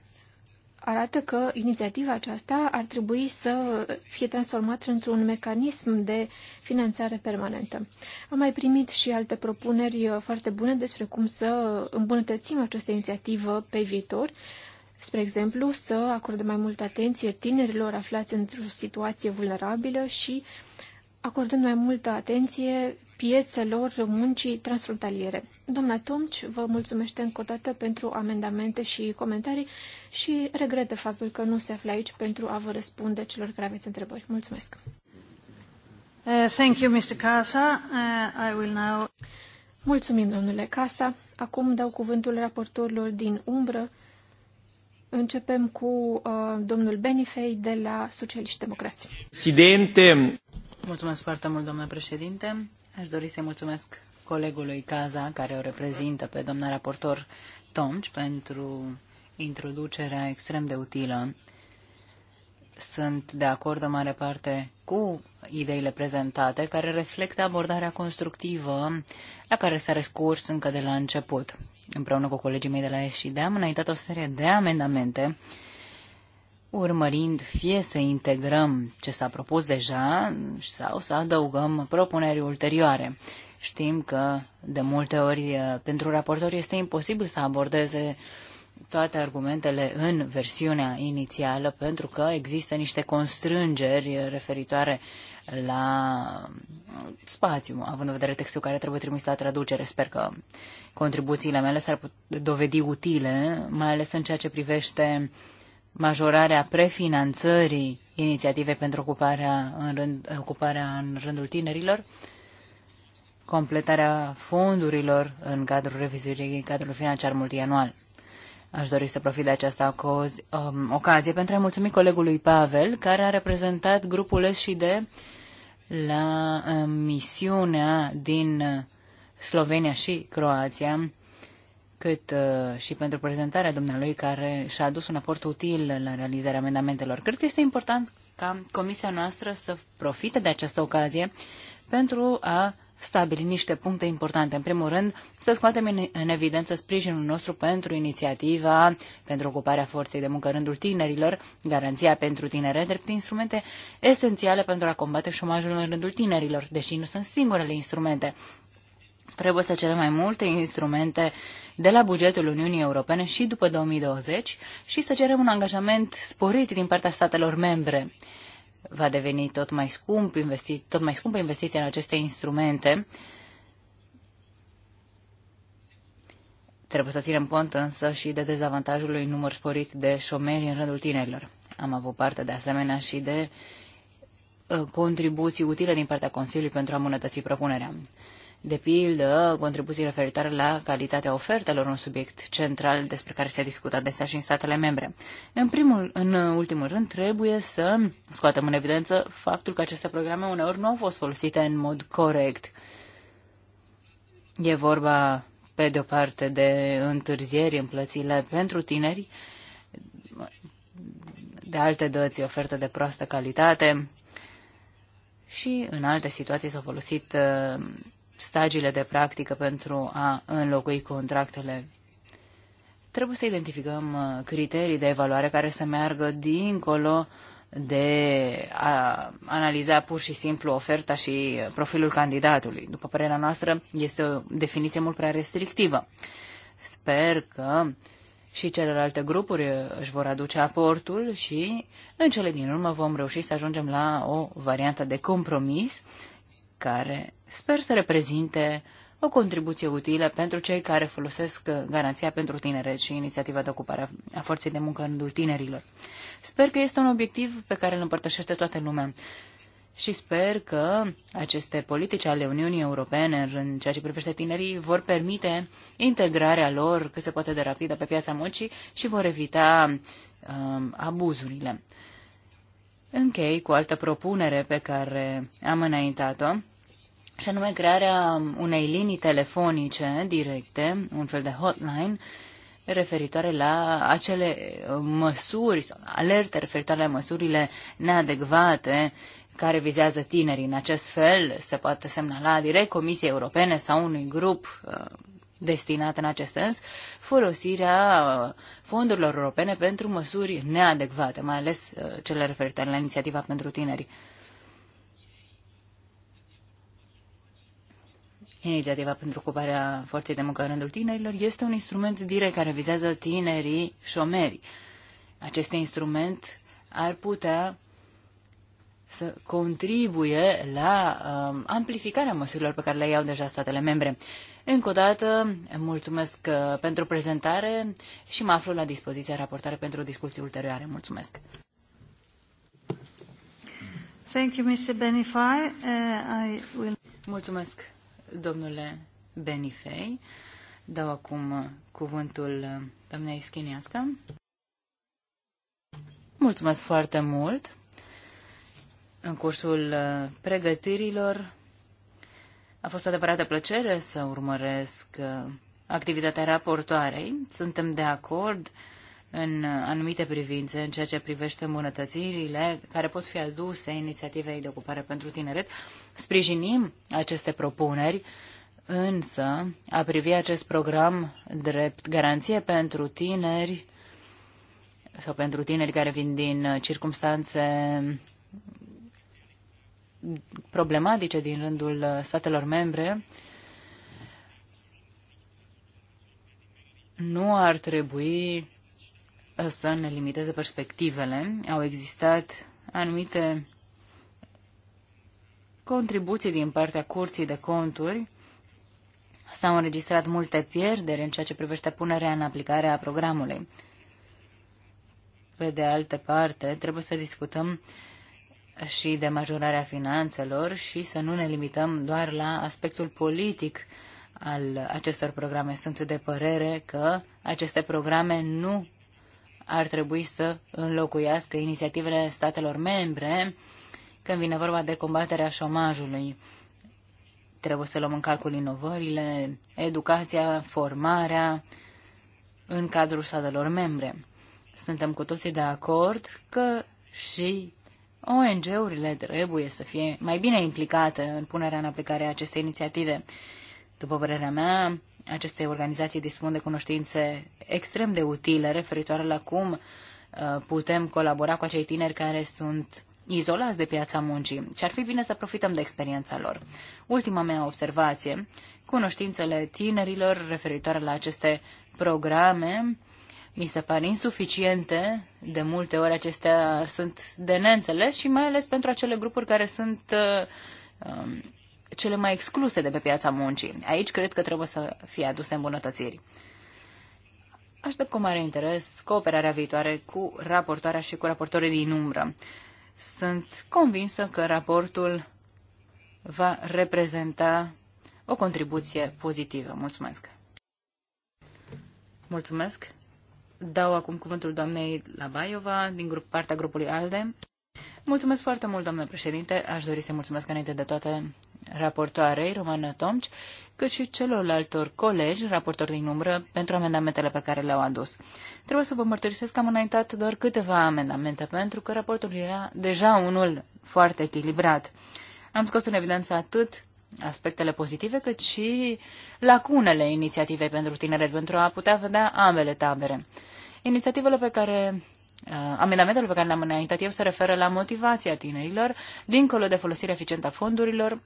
arată că inițiativa aceasta ar trebui să fie transformată într-un mecanism de finanțare permanentă. Am mai primit și alte propuneri uh, foarte bune despre cum să îmbunătățim această inițiativă pe viitor, spre exemplu, să acorde mai multă atenție tinerilor aflați într-o situație vulnerabilă și uh, acordând mai multă atenție piețelor muncii transfrontaliere. Doamna Tomci vă mulțumește încă o dată pentru amendamente și comentarii și regretă faptul că nu se află aici pentru a vă răspunde celor care aveți întrebări. Mulțumesc! Uh, thank you, Mr. Casa. Uh, I will now... Mulțumim, domnule Casa. Acum dau cuvântul raportorilor din umbră. Începem cu uh, domnul Benifei de la Socialiști Democrați. Presidente, Mulțumesc foarte mult, domnule președinte. Aș dori să-i mulțumesc colegului Caza, care o reprezintă pe doamna raportor Tomci, pentru introducerea extrem de utilă. Sunt de acord în mare parte cu ideile prezentate, care reflectă abordarea constructivă la care s-a recurs încă de la început. Împreună cu colegii mei de la SID am înaintat o serie de amendamente uh, urmărind fie să integrăm ce s-a propus deja sau să adăugăm propuneri ulterioare. Știm că de multe ori pentru raportori este imposibil să abordeze toate argumentele în versiunea inițială pentru că există niște constrângeri referitoare la spațiu, având în vedere textul care trebuie trimis la traducere. Sper că contribuțiile mele s-ar dovedi utile, mai ales în ceea ce privește uh, majorarea prefinanțării inițiative pentru ocuparea în, rând, ocuparea în rândul tinerilor, completarea fondurilor în cadrul revizuirii cadrului financiar multianual. Aș dori să profit de această ocoz, um, ocazie pentru a mulțumi colegului Pavel, care a reprezentat grupul S&D la uh, misiunea din Slovenia și Croația cât uh, și pentru prezentarea dumnealui care și-a adus un aport util la realizarea amendamentelor. Cred că este important ca comisia noastră să profite de această ocazie pentru a stabili niște puncte importante. În primul rând, să scoatem în, în evidență sprijinul nostru pentru inițiativa pentru ocuparea forței de muncă rândul tinerilor, garanția pentru tinere, drept instrumente esențiale pentru a combate șomajul în rândul tinerilor, deși nu sunt singurele instrumente. Trebuie să cerem mai multe instrumente de la bugetul Uniunii Europene și după 2020 și să cerem un angajament sporit din partea statelor membre. Va deveni tot mai, scump investi- tot mai scumpă investiția în aceste instrumente. Trebuie să ținem cont însă și de dezavantajul lui număr sporit de șomeri în rândul tinerilor. Am avut parte de asemenea și de uh, contribuții utile din partea Consiliului pentru a îmbunătăți propunerea. De pildă, contribuții referitoare la calitatea ofertelor, un subiect central despre care se discută adesea și în statele membre. În primul, în ultimul rând, trebuie să scoatem în evidență faptul că aceste programe uneori nu au fost folosite în mod corect. E vorba, pe de o parte, de întârzieri în plățile pentru tineri, de alte dăți ofertă de proastă calitate și în alte situații s-au folosit uh, stagiile de practică pentru a înlocui contractele. Trebuie să identificăm uh, criterii de evaluare care să meargă dincolo de a analiza pur și simplu oferta și profilul candidatului. După părerea noastră, este o definiție mult prea restrictivă. Sper că și celelalte grupuri uh, își vor aduce aportul și în cele din urmă vom reuși să ajungem la o variantă de compromis care sper să reprezinte o contribuție utilă pentru cei care folosesc garanția pentru tineret și inițiativa de ocupare a forței de muncă în rândul tinerilor. Sper că este un obiectiv pe care îl împărtășește toată lumea și sper că aceste politici ale Uniunii Europene în ceea ce privește tinerii vor permite integrarea lor cât se poate de rapidă pe piața muncii și vor evita um, abuzurile. Închei cu altă propunere pe care am înaintat-o și anume crearea unei linii telefonice directe, un fel de hotline, referitoare la acele uh, măsuri, sau alerte referitoare la măsurile neadecvate care vizează tinerii. În acest fel se poate semnala direct Comisiei Europene sau unui grup uh, destinat în acest sens folosirea uh, fondurilor europene pentru măsuri neadecvate, mai ales cele referitoare la inițiativa pentru tineri. Inițiativa pentru ocuparea forței de muncă în rândul tinerilor este un instrument direct care vizează tinerii șomeri. Acest instrument ar putea să contribuie la um, amplificarea măsurilor pe care le iau deja statele membre. Încă o dată, mulțumesc uh, pentru prezentare și mă aflu la dispoziția raportare pentru discuții ulterioare. Mulțumesc! Thank you, Mr. Benify. Uh, I will... Mulțumesc! domnule Benifei. Dau acum cuvântul doamnei Schiniască. Mulțumesc foarte mult! În cursul uh, pregătirilor a fost o adevărată plăcere să urmăresc uh, activitatea raportoarei. Suntem de acord uh, în anumite privințe, în ceea ce privește îmbunătățirile care pot fi aduse inițiativei de ocupare pentru tineret. Sprijinim aceste propuneri, însă a privi acest program drept garanție pentru tineri sau pentru tineri care vin din circumstanțe problematice din rândul statelor membre, nu ar trebui să ne limiteze perspectivele. Au existat anumite contribuții din partea curții de conturi. S-au înregistrat multe pierderi în ceea ce privește punerea în aplicare a programului. Pe de altă parte, trebuie să discutăm și de majorarea finanțelor și să nu ne limităm doar la aspectul politic al acestor programe. Sunt de părere că aceste programe nu ar trebui să înlocuiască inițiativele statelor membre când vine vorba de combaterea șomajului. Trebuie să luăm în calcul inovările, educația, formarea în cadrul statelor membre. Suntem cu toții de acord că și ONG-urile trebuie să fie mai bine implicate în punerea în aplicare a acestei inițiative. După părerea mea, aceste organizații dispun de cunoștințe extrem de utile referitoare la cum uh, putem colabora cu acei tineri care sunt izolați de piața muncii și ar fi bine să profităm de experiența lor. Ultima mea observație, cunoștințele tinerilor referitoare la aceste programe mi se par insuficiente, de multe ori acestea sunt de neînțeles și mai ales pentru acele grupuri care sunt uh, um, cele mai excluse de pe piața muncii. Aici cred că trebuie să fie aduse îmbunătățiri. Aștept cu mare interes cooperarea viitoare cu raportoarea și cu raportorii din umbră. Sunt convinsă că raportul va reprezenta o contribuție pozitivă. Mulțumesc! Mulțumesc! Dau acum cuvântul doamnei Labaiova din grup, partea grupului ALDE. Mulțumesc foarte mult, doamnă președinte. Aș dori să mulțumesc înainte de toate raportoarei, Romana Tomci, cât și celorlaltor colegi, raportori din umbră, pentru amendamentele pe care le-au adus. Trebuie să vă mărturisesc că am înaintat doar câteva amendamente, pentru că raportul era deja unul foarte echilibrat. Am scos în evidență atât aspectele pozitive, cât și lacunele inițiativei pentru tineret, pentru a putea vedea ambele tabere. Inițiativele pe care Uh, amendamentelor pe care le-am înaintat eu se referă la motivația tinerilor, dincolo de folosirea eficientă a fondurilor,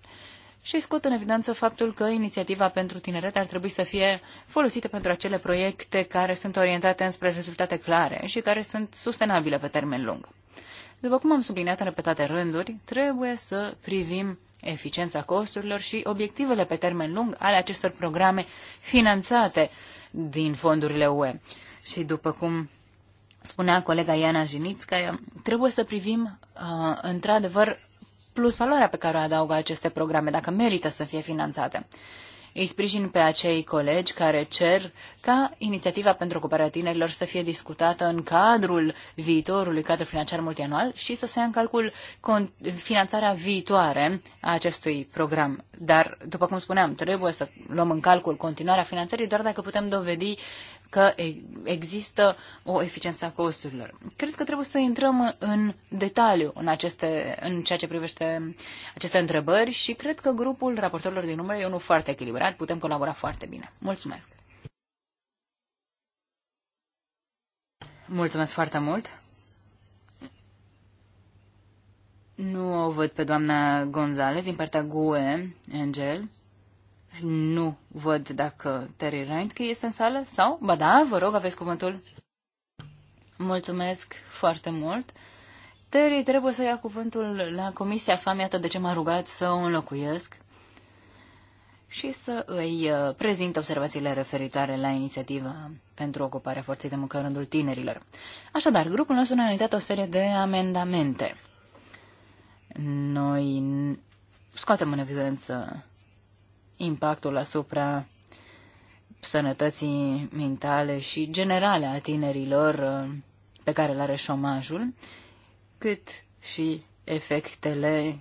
și scot în evidență faptul că inițiativa pentru tineret ar trebui să fie folosită pentru acele proiecte care sunt orientate înspre rezultate clare și care sunt sustenabile pe termen lung. După cum am subliniat în repetate rânduri, trebuie să privim eficiența costurilor și obiectivele pe termen lung ale acestor programe finanțate din fondurile UE. Și după cum spunea colega Iana Jinițcă, trebuie să privim uh, într-adevăr plus valoarea pe care o adaugă aceste programe, dacă merită să fie finanțate. Îi sprijin pe acei colegi care cer ca inițiativa pentru ocuparea tinerilor să fie discutată în cadrul viitorului cadru financiar multianual și să se ia în calcul finanțarea viitoare a acestui program. Dar, după cum spuneam, trebuie să luăm în calcul continuarea finanțării doar dacă putem dovedi că există o eficiență a costurilor. Cred că trebuie să intrăm în detaliu în, aceste, în ceea ce privește aceste întrebări și cred că grupul raportorilor din numere e unul foarte echilibrat, putem colabora foarte bine. Mulțumesc! Mulțumesc foarte mult! Nu o văd pe doamna Gonzalez din partea GUE, Angel. Nu văd dacă Terry Reintke este în sală sau... Ba da, vă rog, aveți cuvântul. Mulțumesc foarte mult. Terry trebuie să ia cuvântul la Comisia FAM, iată de ce m-a rugat să o înlocuiesc și să îi uh, prezint observațiile referitoare la inițiativa pentru ocuparea forței de muncă în rândul tinerilor. Așadar, grupul nostru ne-a anunțat o serie de amendamente. Noi scoatem în evidență impactul asupra sănătății mentale și generale a tinerilor uh, pe care le are șomajul, cât și efectele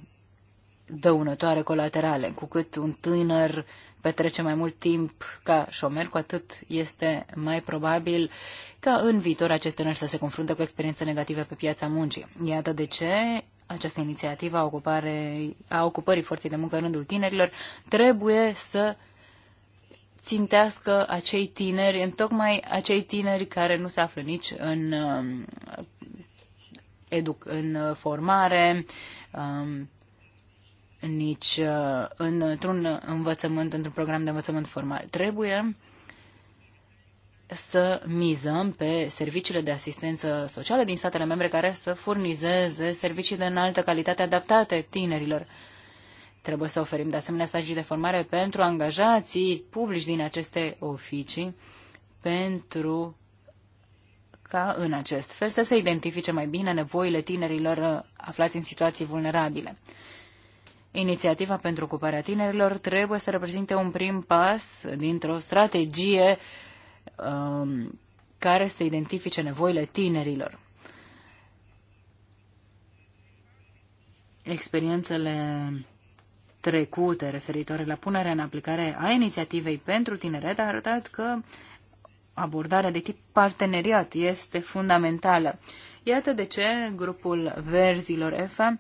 dăunătoare colaterale. Cu cât un tânăr petrece mai mult timp ca șomer, cu atât este mai probabil ca în viitor acest tânăr să se confrunte cu experiențe negative pe piața muncii. Iată de ce această inițiativă a, ocupare, a ocupării forței de muncă în rândul tinerilor trebuie să țintească acei tineri, în tocmai acei tineri care nu se află nici în, um, educ, în formare, um, nici uh, într-un învățământ, într-un program de învățământ formal. Trebuie să mizăm pe serviciile de asistență socială din statele membre care să furnizeze servicii de înaltă calitate adaptate tinerilor. Trebuie să oferim de asemenea stagii de formare pentru angajații publici din aceste oficii, pentru ca în acest fel să se identifice mai bine nevoile tinerilor aflați în situații vulnerabile. Inițiativa pentru ocuparea tinerilor trebuie să reprezinte un prim pas dintr-o strategie uh, um, care să identifice nevoile tinerilor. Experiențele trecute referitoare la punerea în aplicare a inițiativei pentru tineret a arătat că abordarea de tip parteneriat este fundamentală. Iată de ce grupul verzilor EFA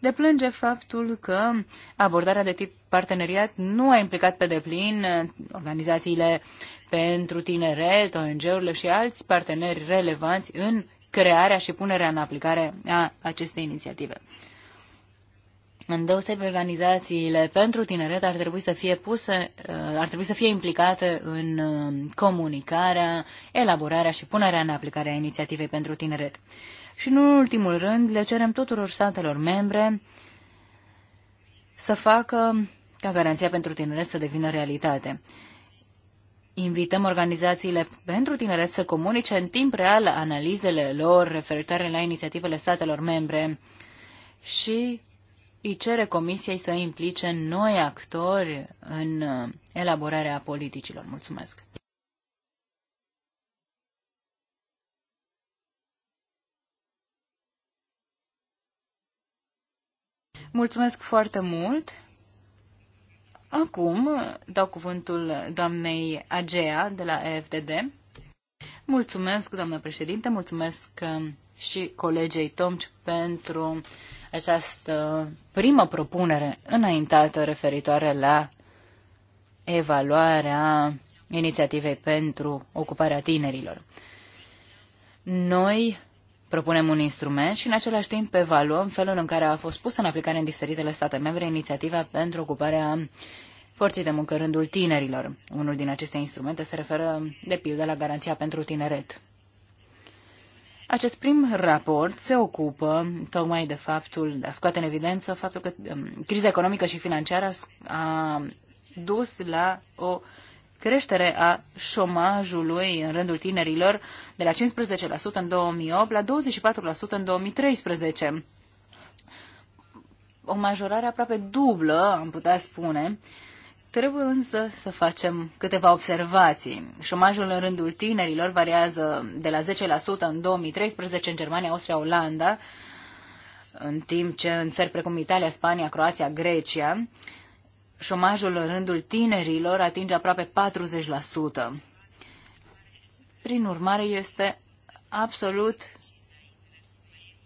deplânge faptul că abordarea de tip parteneriat nu a implicat pe deplin organizațiile pentru tineret, ONG-urile și alți parteneri relevanți în crearea și punerea în aplicare a acestei inițiative. Îndeosebi organizațiile pentru tineret ar trebui să fie puse, uh, ar trebui să fie implicate în uh, comunicarea, elaborarea și punerea în aplicare a inițiativei pentru tineret. Și în ultimul rând, le cerem tuturor statelor membre să facă ca garanția pentru tineret să devină realitate. Invităm organizațiile pentru tineret să comunice în timp real analizele lor referitoare la inițiativele statelor membre și îi cere Comisiei să implice noi actori în uh, elaborarea politicilor. Mulțumesc! Mulțumesc foarte mult! Acum uh, dau cuvântul doamnei Agea de la EFDD. Mulțumesc, doamnă președinte, mulțumesc uh, și colegei Tomci pentru această primă propunere înaintată referitoare la evaluarea inițiativei pentru ocuparea tinerilor. Noi propunem un instrument și în același timp evaluăm felul în care a fost pusă în aplicare în diferitele state membre inițiativa pentru ocuparea forții de muncă rândul tinerilor. Unul din aceste instrumente se referă, de pildă, la garanția pentru tineret. Acest prim raport se ocupă tocmai de faptul, de a scoate în evidență faptul că um, criza economică și financiară a dus la o creștere a șomajului în rândul tinerilor de la 15% în 2008 la 24% în 2013. O majorare aproape dublă, am putea spune, uh, Trebuie însă să facem câteva observații. Șomajul în rândul tinerilor variază de la 10% în 2013 în Germania, Austria, Olanda, în timp ce în țări precum Italia, Spania, Croația, Grecia, șomajul în rândul tinerilor atinge aproape 40%. Prin urmare, este absolut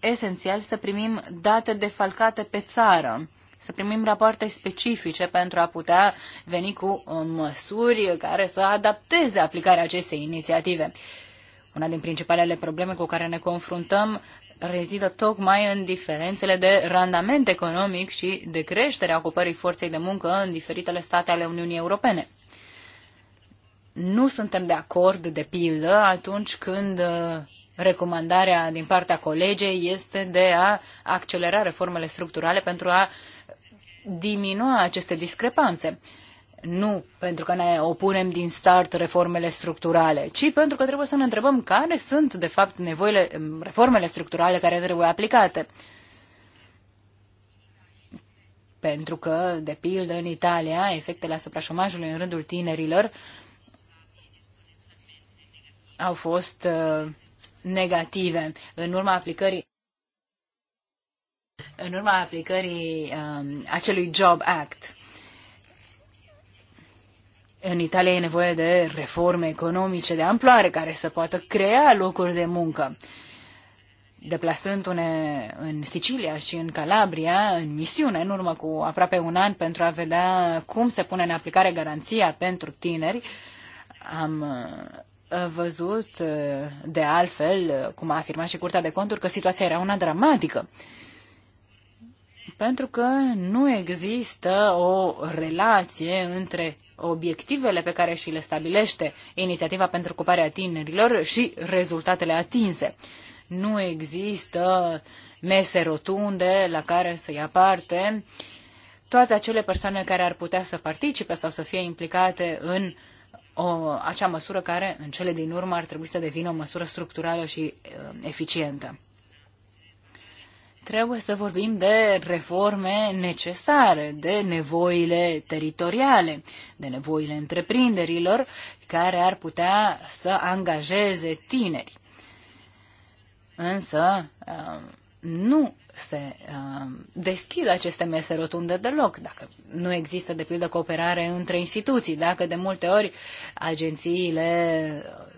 esențial să primim date defalcate pe țară să primim rapoarte specifice pentru a putea veni cu uh, măsuri care să adapteze aplicarea acestei inițiative. Una din principalele probleme cu care ne confruntăm rezidă tocmai în diferențele de randament economic și de creștere a ocupării forței de muncă în diferitele state ale Uniunii Europene. Nu suntem de acord, de pildă, atunci când uh, recomandarea din partea colegei este de a accelera reformele structurale pentru a diminua aceste discrepanțe. Nu pentru că ne opunem din start reformele structurale, ci pentru că trebuie să ne întrebăm care sunt, de fapt, nevoile, mm, reformele structurale care trebuie aplicate. Pentru că, de pildă, în Italia, efectele asupra șomajului în rândul tinerilor au fost uh, negative în urma aplicării în urma aplicării um, acelui Job Act. În Italia e nevoie de reforme economice de amploare care să poată crea locuri de muncă. Deplasându-ne în Sicilia și în Calabria, în misiune, în urmă cu aproape un an, pentru a vedea cum se pune în aplicare garanția pentru tineri, am uh, văzut, uh, de altfel, cum a afirmat și Curtea de Conturi, că situația era una dramatică. Uh, pentru că nu există o relație între obiectivele pe care și le stabilește inițiativa pentru ocuparea tinerilor și rezultatele atinse. Nu există mese rotunde la care să ia parte toate acele persoane care ar putea să participe sau să fie implicate în o, acea măsură care, în cele din urmă, ar trebui să devină o măsură structurală și uh, eficientă. Trebuie să vorbim de reforme necesare, de nevoile teritoriale, de nevoile întreprinderilor care ar putea să angajeze tineri. Însă, um, nu se uh, deschid aceste mese rotunde deloc, dacă nu există, de pildă, cooperare între instituții, dacă de multe ori agențiile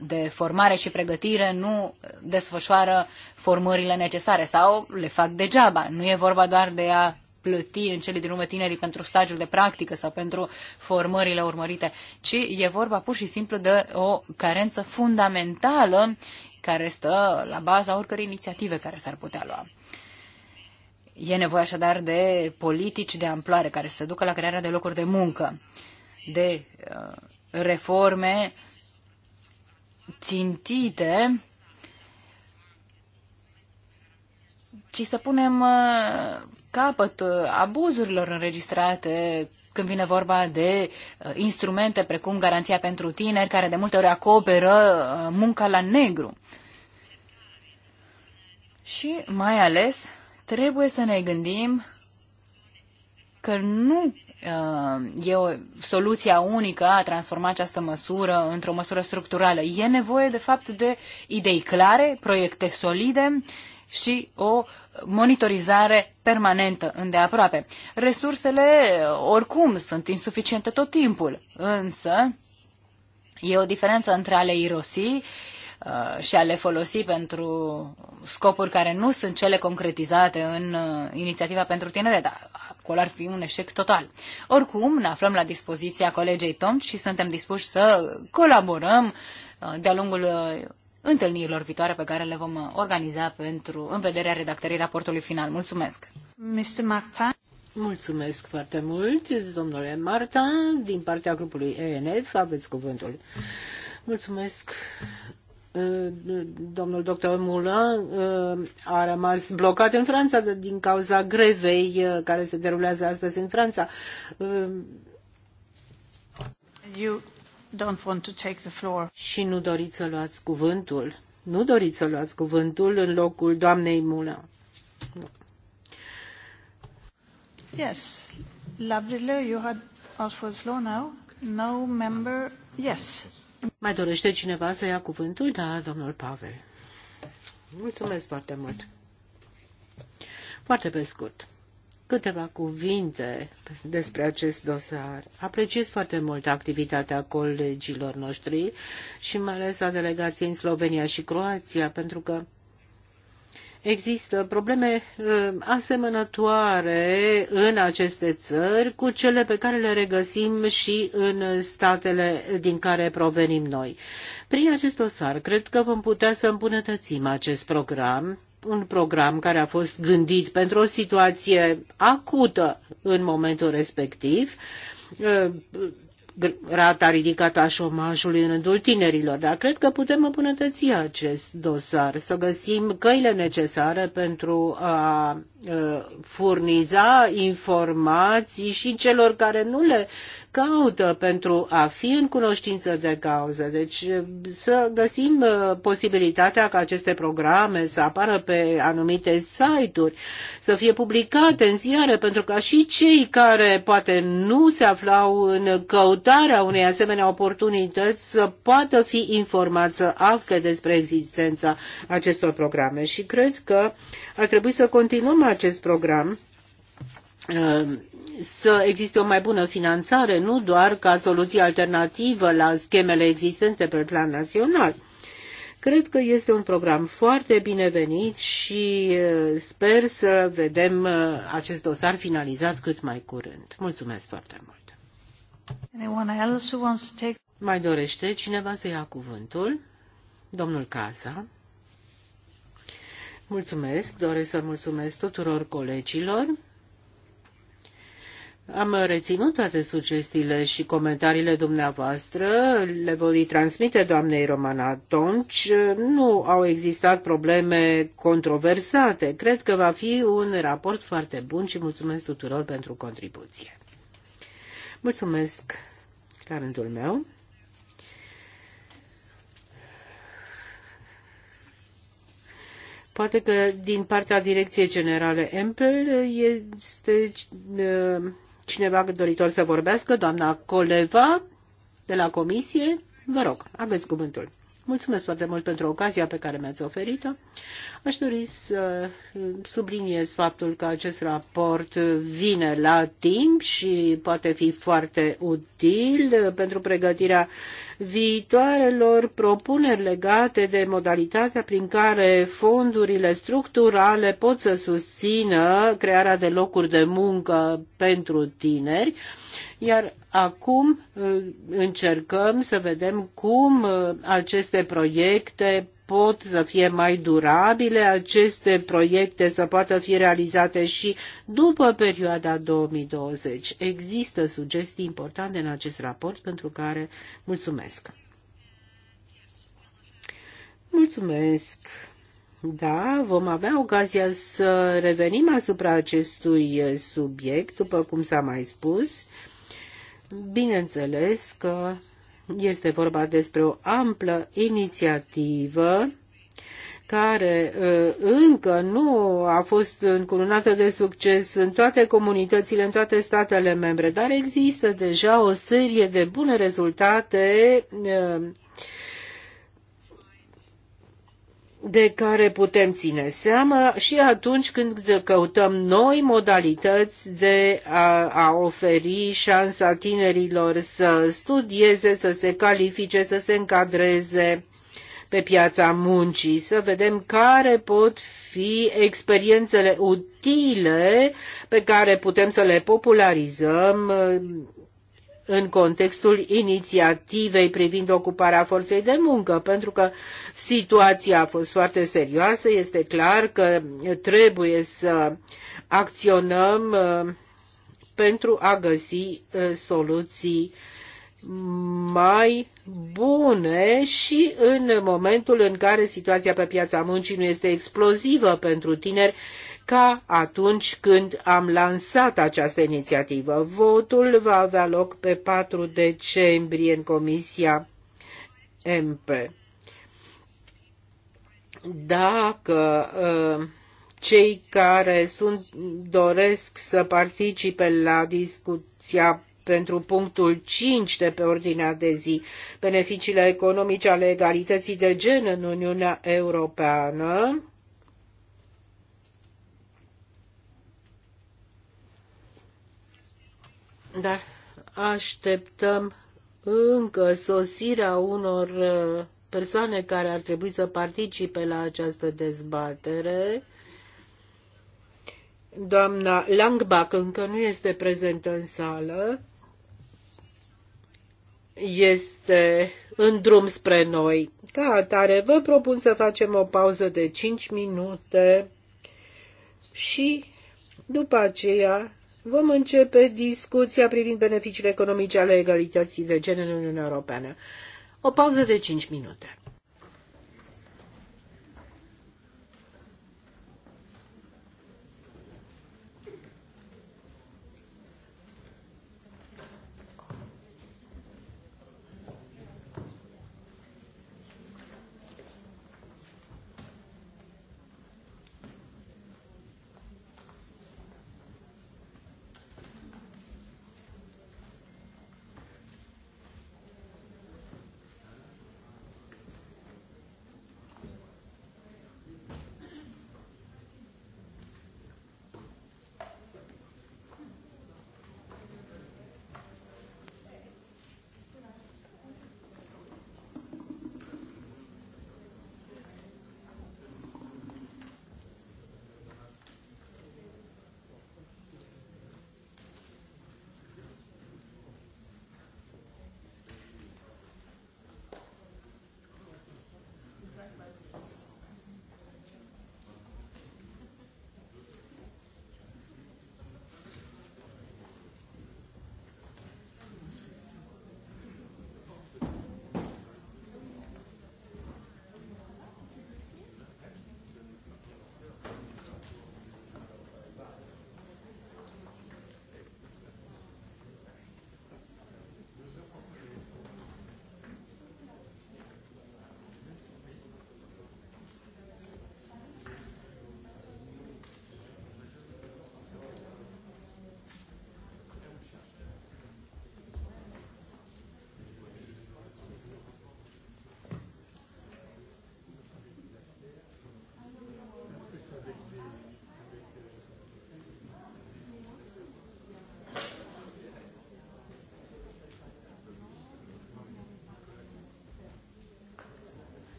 de formare și pregătire nu desfășoară formările necesare sau le fac degeaba. Nu e vorba doar de a plăti în cele din urmă tinerii pentru stagiul de practică sau pentru formările urmărite, ci e vorba pur și simplu de o carență fundamentală care stă la baza oricărei inițiative care s-ar putea lua. E nevoie așadar de politici de amploare care să ducă la crearea de locuri de muncă, de uh, reforme țintite, ci să punem uh, capăt uh, abuzurilor înregistrate când vine vorba de uh, instrumente precum Garanția pentru Tineri, care de multe ori acoperă uh, munca la negru. Și mai ales trebuie să ne gândim că nu uh, e o soluția unică a transforma această măsură într-o măsură structurală. E nevoie, de fapt, de idei clare, proiecte solide și o monitorizare permanentă îndeaproape. Resursele oricum sunt insuficiente tot timpul, însă e o diferență între a le irosi uh, și a le folosi pentru scopuri care nu sunt cele concretizate în uh, inițiativa pentru tinere, dar acolo ar fi un eșec total. Oricum, ne aflăm la dispoziția colegei Tom și suntem dispuși să colaborăm uh, de-a lungul întâlnirilor viitoare pe care le vom organiza pentru, în vederea redactării raportului final. Mulțumesc! Mr. Martin. Mulțumesc foarte mult, domnule Marta, din partea grupului ENF, aveți cuvântul. Mulțumesc, eh, domnul doctor Mula eh, a rămas blocat în Franța din cauza grevei eh, care se derulează astăzi în Franța. You don't want to take the floor. Și nu doriți să luați cuvântul. Nu doriți să luați cuvântul în locul doamnei Mula. Yes. Lavrile, you had asked for the floor now. No member. Yes. Mai dorește cineva să ia cuvântul? Da, domnul Pavel. Mulțumesc foarte mult. Foarte pe scurt câteva cuvinte despre acest dosar. Apreciez foarte mult activitatea colegilor noștri și mai ales a delegației în Slovenia și Croația, pentru că există probleme ă, asemănătoare în aceste țări cu cele pe care le regăsim și în statele din care provenim noi. Prin acest dosar, cred că vom putea să îmbunătățim acest program un program care a fost gândit pentru o situație acută în momentul respectiv, uh, rata ridicată a șomajului în rândul tinerilor, dar cred că putem îmbunătăți acest dosar, să găsim căile necesare pentru a uh, furniza informații și celor care nu le caută pentru a fi în cunoștință de cauză. Deci să găsim uh, posibilitatea ca aceste programe să apară pe anumite site-uri, să fie publicate în ziare, pentru ca și cei care poate nu se aflau în căutarea unei asemenea oportunități să poată fi informați, să afle despre existența acestor programe. Și cred că ar trebui să continuăm acest program Uh, să existe o mai bună finanțare, nu doar ca soluție alternativă la schemele existente pe plan național. Cred că este un program foarte binevenit și uh, sper să vedem uh, acest dosar finalizat cât mai curând. Mulțumesc foarte mult! Mai dorește cineva să ia cuvântul? Domnul Casa. Mulțumesc, doresc să mulțumesc tuturor colegilor am reținut toate sugestiile și comentariile dumneavoastră, le voi transmite doamnei Roman atunci. Nu au existat probleme controversate. Cred că va fi un raport foarte bun și mulțumesc tuturor pentru contribuție. Mulțumesc la rândul meu. Poate că din partea Direcției Generale Empel este uh, cineva doritor să vorbească? Doamna Coleva de la Comisie, vă rog, aveți cuvântul. Mulțumesc foarte mult pentru ocazia pe care mi-ați oferit-o. Aș dori să subliniez faptul că acest raport vine la timp și poate fi foarte util pentru pregătirea viitoarelor propuneri legate de modalitatea prin care fondurile structurale pot să susțină crearea de locuri de muncă pentru tineri, iar acum uh, încercăm să vedem cum uh, aceste proiecte pot să fie mai durabile, aceste proiecte să poată fi realizate și după perioada 2020. Există sugestii importante în acest raport pentru care mulțumesc. Mulțumesc. Da, vom avea ocazia să revenim asupra acestui subiect, după cum s-a mai spus. Bineînțeles că este vorba despre o amplă inițiativă care ă, încă nu a fost încununată de succes în toate comunitățile, în toate statele membre, dar există deja o serie de bune rezultate ă, de care putem ține seama și atunci când căutăm noi modalități de a, a oferi șansa tinerilor să studieze, să se califice, să se încadreze pe piața muncii, să vedem care pot fi experiențele utile pe care putem să le popularizăm în contextul inițiativei privind ocuparea forței de muncă, pentru că situația a fost foarte serioasă, este clar că trebuie să acționăm uh, pentru a găsi uh, soluții mai bune și în momentul în care situația pe piața muncii nu este explozivă pentru tineri, ca atunci când am lansat această inițiativă. Votul va avea loc pe 4 decembrie în Comisia MP. Dacă uh, cei care sunt, doresc să participe la discuția pentru punctul 5 de pe ordinea de zi, beneficiile economice ale egalității de gen în Uniunea Europeană, Dar așteptăm încă sosirea unor uh, persoane care ar trebui să participe la această dezbatere. Doamna Langbach încă nu este prezentă în sală. Este în drum spre noi. Ca atare, vă propun să facem o pauză de 5 minute și după aceea Vom începe discuția privind beneficiile economice ale egalității de gen în Uniunea Europeană. O pauză de 5 minute.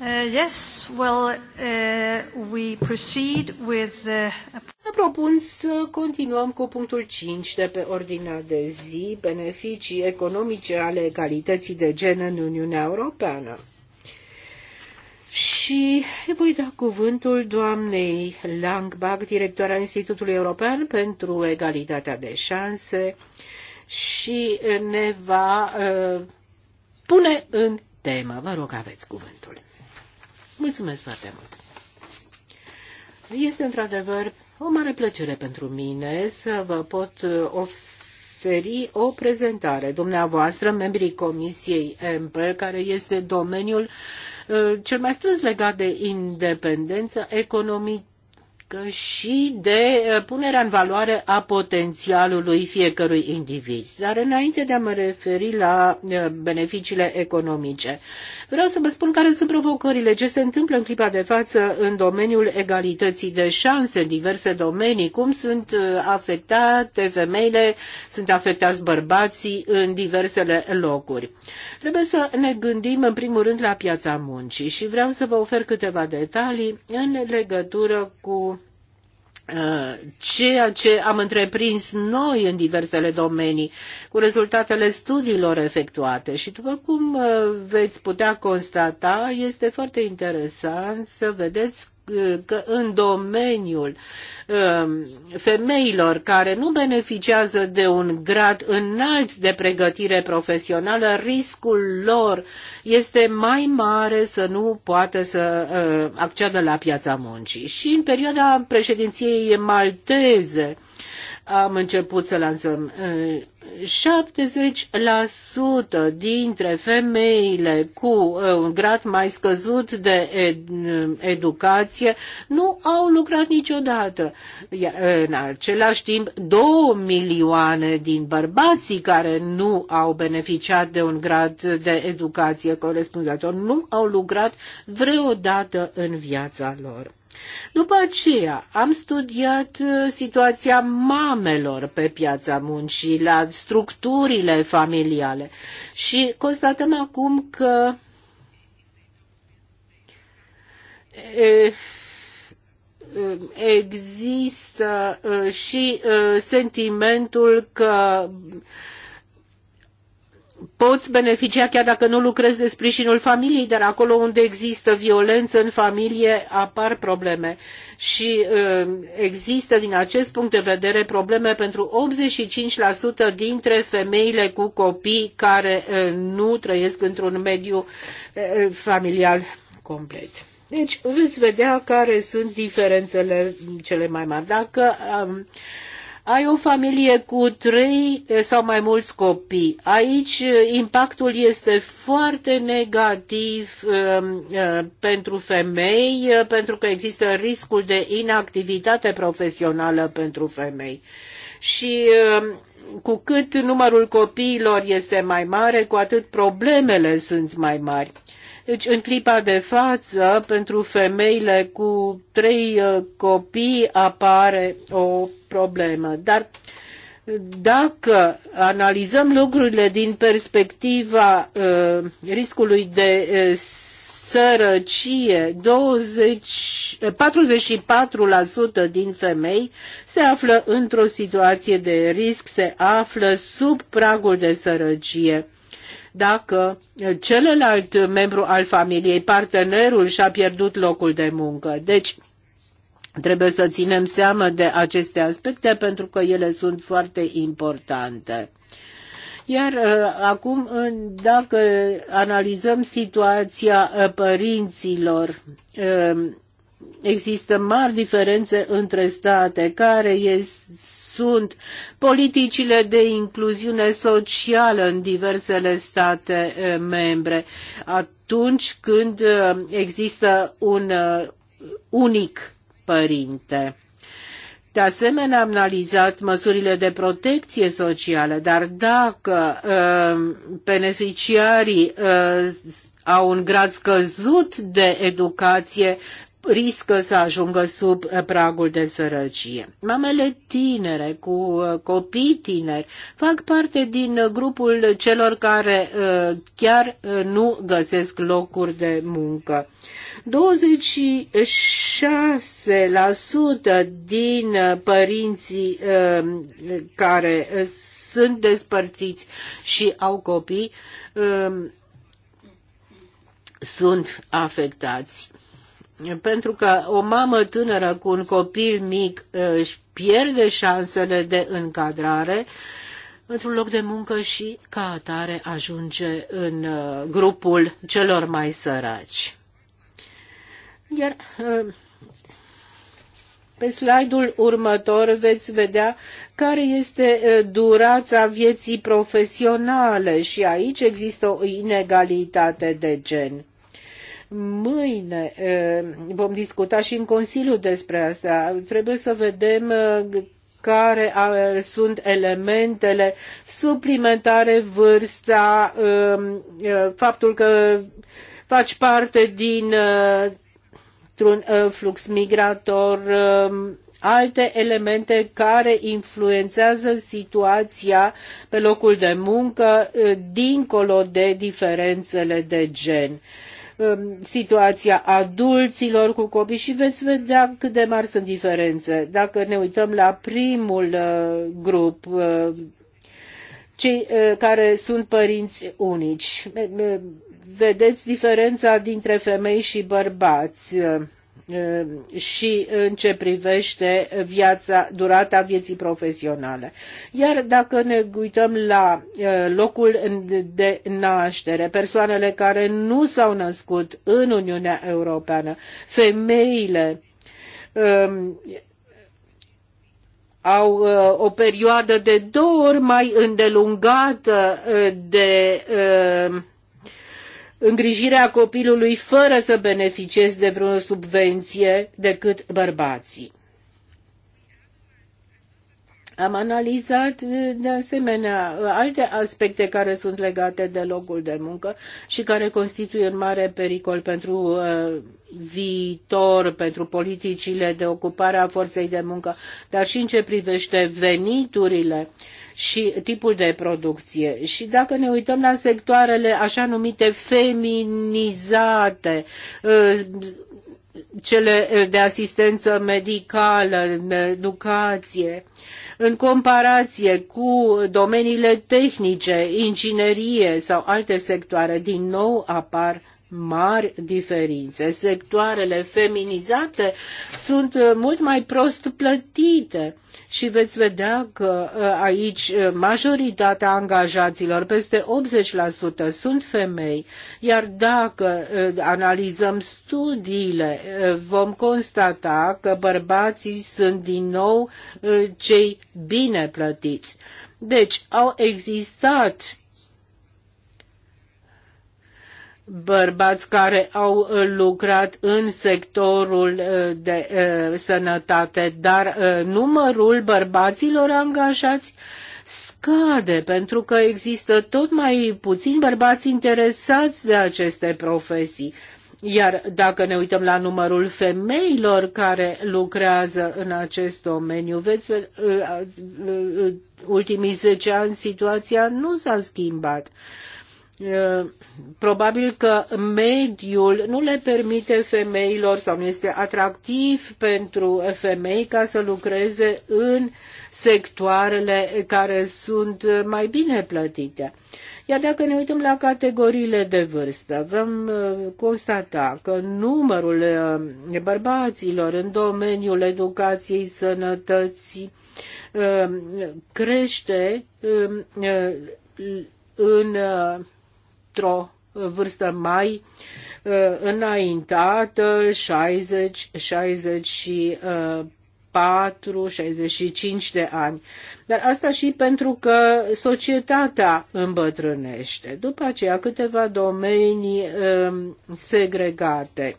Uh, yes, well, uh, we proceed with the... Propun să continuăm cu punctul 5 de pe ordinea de zi, beneficii economice ale egalității de gen în Uniunea Europeană. Și voi da cuvântul doamnei Langbach, directoarea Institutului European pentru Egalitatea de Șanse, și ne va uh, pune în temă. Vă rog, aveți cuvântul. Mulțumesc foarte mult! Este într-adevăr o mare plăcere pentru mine să vă pot uh, oferi o prezentare dumneavoastră, membrii Comisiei MP, care este domeniul uh, cel mai strâns legat de independență economică politică și de eh, punerea în valoare a potențialului fiecărui individ. Dar înainte de a mă referi la eh, beneficiile economice, vreau să vă spun care sunt provocările, ce se întâmplă în clipa de față în domeniul egalității de șanse în diverse domenii, cum sunt eh, afectate femeile, sunt afectați bărbații în diversele locuri. Trebuie să ne gândim în primul rând la piața muncii și vreau să vă ofer câteva detalii în legătură cu Uh, ceea ce am întreprins noi în diversele domenii cu rezultatele studiilor efectuate și după cum uh, veți putea constata, este foarte interesant să vedeți că în domeniul um, femeilor care nu beneficiază de un grad înalt de pregătire profesională, riscul lor este mai mare să nu poată să uh, acceadă la piața muncii. Și în perioada președinției malteze am început să lansăm uh, 70% dintre femeile cu uh, un grad mai scăzut de uh, educație nu au lucrat niciodată. Uh, în același timp, 2 milioane din bărbații care nu au beneficiat de un grad de educație corespunzător nu au lucrat vreodată în viața lor. După aceea am studiat situația mamelor pe piața muncii la structurile familiale. Și constatăm acum că există și sentimentul că poți beneficia chiar dacă nu lucrezi de sprijinul familiei, dar acolo unde există violență în familie apar probleme. Și uh, există din acest punct de vedere probleme pentru 85% dintre femeile cu copii care uh, nu trăiesc într-un mediu uh, familial complet. Deci veți vedea care sunt diferențele cele mai mari. Dacă um, ai o familie cu trei sau mai mulți copii. Aici uh, impactul este foarte negativ um, uh, pentru femei, uh, pentru că există riscul de inactivitate profesională pentru femei. Și um, cu cât numărul copiilor este mai mare, cu atât problemele sunt mai mari. Deci, în clipa de față, pentru femeile cu trei uh, copii apare o problemă. Dar dacă analizăm lucrurile din perspectiva uh, riscului de uh, sărăcie, 20, 44% uh, din femei se află într-o situație de risc, se află sub pragul de sărăcie dacă celălalt membru al familiei, partenerul, și-a pierdut locul de muncă. Deci, trebuie să ținem seama de aceste aspecte pentru că ele sunt foarte importante. Iar uh, acum, dacă analizăm situația uh, părinților, uh, există mari diferențe între state, care este, sunt politicile de incluziune socială în diversele state membre. Atunci când există un unic părinte. De asemenea, am analizat măsurile de protecție socială, dar dacă beneficiarii au un grad scăzut de educație, riscă să ajungă sub eh, pragul de sărăcie. Mamele tinere cu eh, copii tineri fac parte din eh, grupul celor care chiar nu găsesc locuri de muncă. 26% din părinții care sunt despărțiți și au copii sunt afectați pentru că o mamă tânără cu un copil mic uh, își pierde șansele de încadrare într-un loc de muncă și ca atare ajunge în uh, grupul celor mai săraci. Iar uh, pe slide-ul următor veți vedea care este durața vieții profesionale și aici există o inegalitate de gen. Mâine vom discuta și în Consiliu despre asta. Trebuie să vedem care sunt elementele suplimentare, vârsta, faptul că faci parte din un flux migrator, alte elemente care influențează situația pe locul de muncă dincolo de diferențele de gen. Um, situația adulților cu copii și veți vedea cât de mari sunt diferențe. Dacă ne uităm la primul uh, grup, uh, cei uh, care sunt părinți unici, vedeți diferența dintre femei și bărbați. Ehm, și în ce privește viața, durata vieții profesionale. Iar dacă ne uităm la locul de naștere, persoanele care nu s-au născut în Uniunea Europeană, femeile ehm, au o perioadă de două ori mai îndelungată de îngrijirea copilului fără să beneficieze de vreo subvenție decât bărbații. Am analizat de asemenea alte aspecte care sunt legate de locul de muncă și care constituie un mare pericol pentru uh, viitor, pentru politicile de ocupare a forței de muncă, dar și în ce privește veniturile și tipul de producție. Și dacă ne uităm la sectoarele așa numite feminizate, cele de asistență medicală, educație, în comparație cu domeniile tehnice, inginerie sau alte sectoare, din nou apar mari diferențe. Sectoarele feminizate sunt uh, mult mai prost plătite și veți vedea că uh, aici uh, majoritatea angajaților, peste 80%, sunt femei, iar dacă analizăm studiile, vom constata că bărbații sunt din nou cei bine plătiți. Deci au existat bărbați care au uh, lucrat în sectorul uh, de uh, sănătate, dar numărul bărbaților angajați scade pentru că există tot mai puțini bărbați interesați de aceste profesii. Iar dacă ne uităm la numărul femeilor care lucrează în acest domeniu, veți ultimii 10 ani situația nu s-a schimbat. Uh, probabil că mediul nu le permite femeilor sau nu este atractiv pentru femei ca să lucreze în sectoarele care sunt mai bine plătite. Iar dacă ne uităm la categoriile de vârstă, vom uh, constata că numărul uh, bărbaților în domeniul educației, sănătății crește um, în într-o vârstă mai uh, înaintată, 60, 60 și 4, uh, 65 de ani. Dar asta și pentru că societatea îmbătrânește. După aceea câteva domenii uh, segregate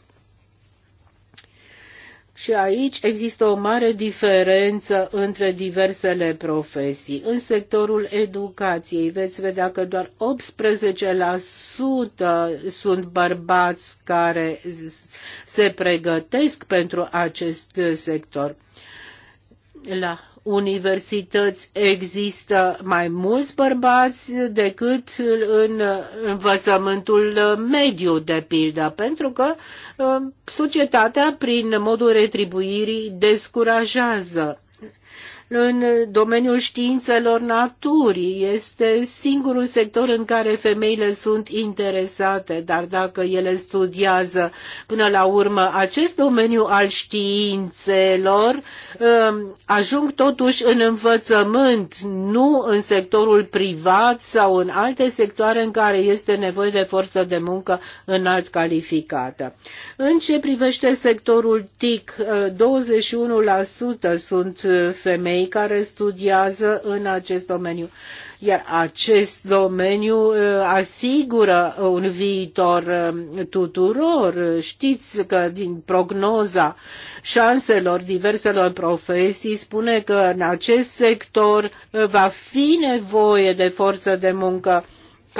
și aici există o mare diferență între diversele profesii. În sectorul educației veți vedea că doar 18% sunt bărbați care se pregătesc pentru acest sector. La universități există mai mulți bărbați decât în învățământul mediu, de pildă, pentru că uh, societatea, prin modul retribuirii, descurajează în domeniul științelor naturii. Este singurul sector în care femeile sunt interesate, dar dacă ele studiază până la urmă acest domeniu al științelor, um, ajung totuși în învățământ, nu în sectorul privat sau în alte sectoare în care este nevoie de forță de muncă înalt calificată. În ce privește sectorul TIC, 21% uh, sunt femei femei care studiază în acest domeniu. Iar acest domeniu uh, asigură un viitor uh, tuturor. Știți că din prognoza șanselor diverselor profesii spune că în acest sector uh, va fi nevoie de forță de muncă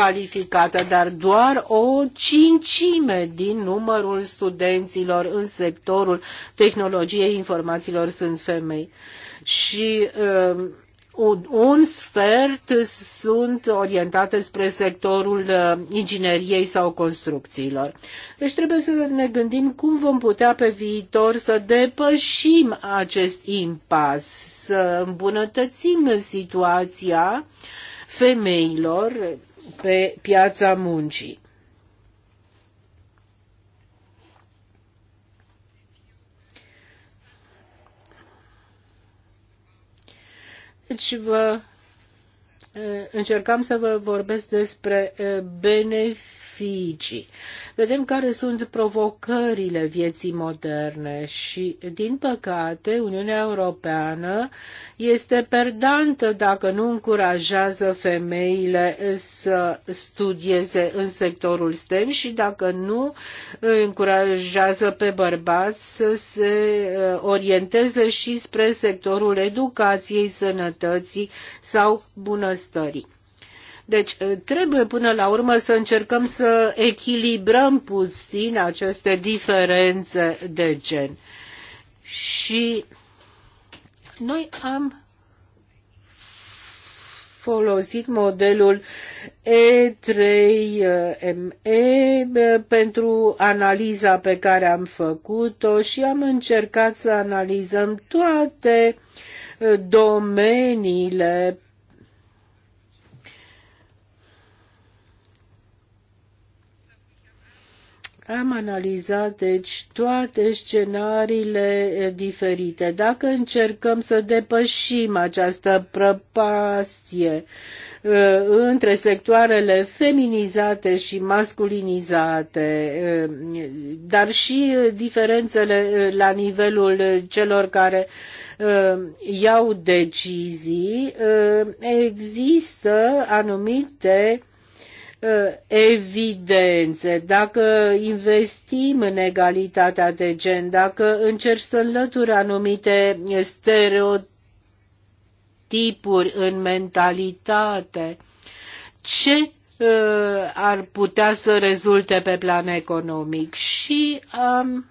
calificată, dar doar o cincime din numărul studenților în sectorul tehnologiei informațiilor sunt femei. Și uh, un, sfert sunt orientate spre sectorul uh, ingineriei sau construcțiilor. Deci trebuie să ne gândim cum vom putea pe viitor să depășim acest impas, să îmbunătățim situația femeilor pe piața muncii. Deci vă eh, încercam să vă vorbesc despre eh, beneficii Fiji. Vedem care sunt provocările vieții moderne și, din păcate, Uniunea Europeană este perdantă dacă nu încurajează femeile să studieze în sectorul STEM și dacă nu încurajează pe bărbați să se uh, orienteze și spre sectorul educației, sănătății sau bunăstării. Deci ă, trebuie până la urmă să încercăm să echilibrăm puțin aceste diferențe de gen. Și noi am folosit modelul E3ME pentru analiza pe care am făcut-o și am încercat să analizăm toate ă, domeniile Am analizat deci toate scenariile eh, diferite. Dacă încercăm să depășim această prăpastie eh, între sectoarele feminizate și masculinizate, eh, dar și diferențele la nivelul celor care iau decizii, există anumite Uh, evidențe, dacă investim în egalitatea de gen, dacă încerci să înlături anumite stereotipuri în mentalitate, ce uh, ar putea să rezulte pe plan economic? Și am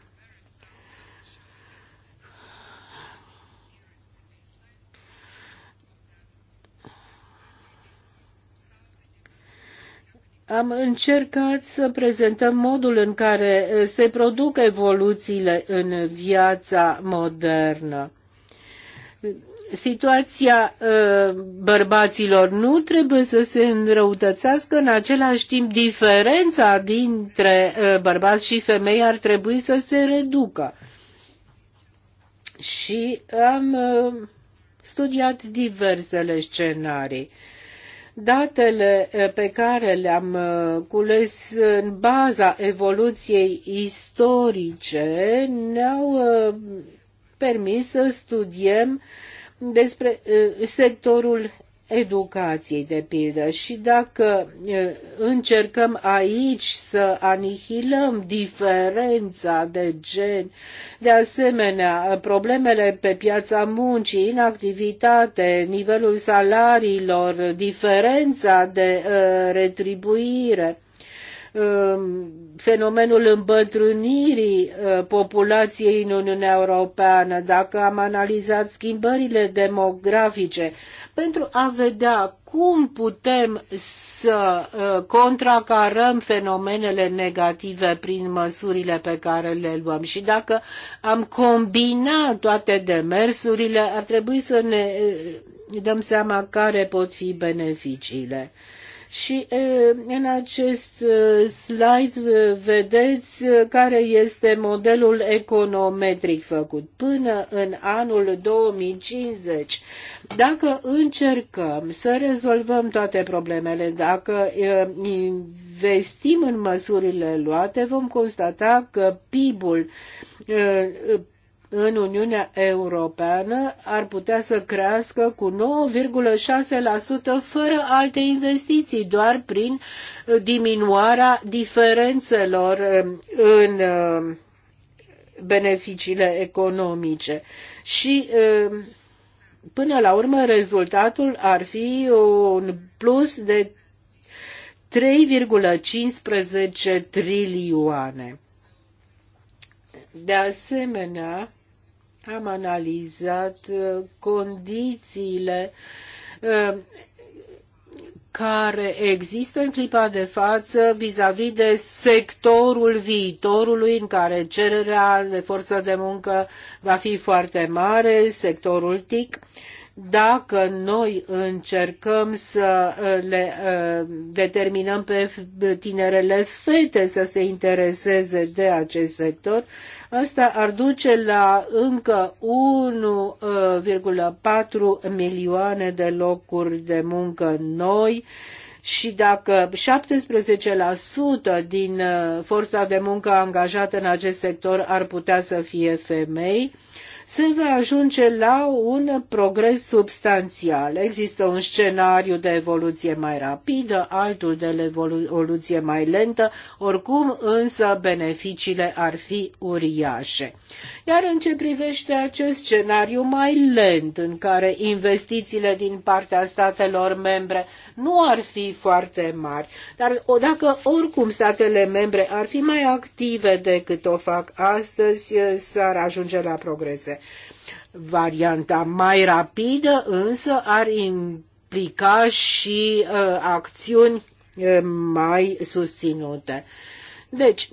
am încercat să prezentăm modul în care eh, se produc evoluțiile în viața modernă. Situația eh, bărbaților nu trebuie să se înrăutățească, în același timp diferența dintre eh, bărbați și femei ar trebui să se reducă. Și am studiat diversele scenarii. Datele eh, pe care le-am eh, cules în baza evoluției istorice ne-au eh, permis să studiem despre sectorul educației, de pildă. Și dacă încercăm aici să anihilăm diferența de gen, de asemenea, problemele pe piața muncii, inactivitate, nivelul salariilor, diferența de retribuire, Um, fenomenul îmbătrânirii uh, populației în Uniunea Europeană, dacă am analizat schimbările demografice, pentru a vedea cum putem să uh, contracarăm fenomenele negative prin măsurile pe care le luăm. Și dacă am combina toate demersurile, ar trebui să ne uh, dăm seama care pot fi beneficiile. Și în acest slide vedeți care este modelul econometric făcut până în anul 2050. Dacă încercăm să rezolvăm toate problemele, dacă investim în măsurile luate, vom constata că PIB-ul în Uniunea Europeană ar putea să crească cu 9,6% fără alte investiții, doar prin uh, diminuarea diferențelor uh, în uh, beneficiile economice. Și până la urmă rezultatul ar fi un plus de 3,15 trilioane. De asemenea, am analizat uh, condițiile uh, care există în clipa de față vis-a-vis -vis de sectorul viitorului în care cererea de forță de muncă va fi foarte mare, sectorul TIC dacă noi încercăm să uh, le uh, determinăm pe tinerele fete să se intereseze de acest sector, asta ar duce la încă 1,4 uh, milioane de locuri de muncă noi și dacă 17% din forța de muncă angajată în acest sector ar putea să fie femei, se va ajunge la un progres substanțial. Există un scenariu de evoluție mai rapidă, altul de evoluție mai lentă, oricum însă beneficiile ar fi uriașe. Iar în ce privește acest scenariu mai lent, în care investițiile din partea statelor membre nu ar fi foarte mari, dar dacă oricum statele membre ar fi mai active decât o fac astăzi, s-ar ajunge la progrese. Varianta mai rapidă însă ar implica și uh, acțiuni uh, mai susținute. Deci,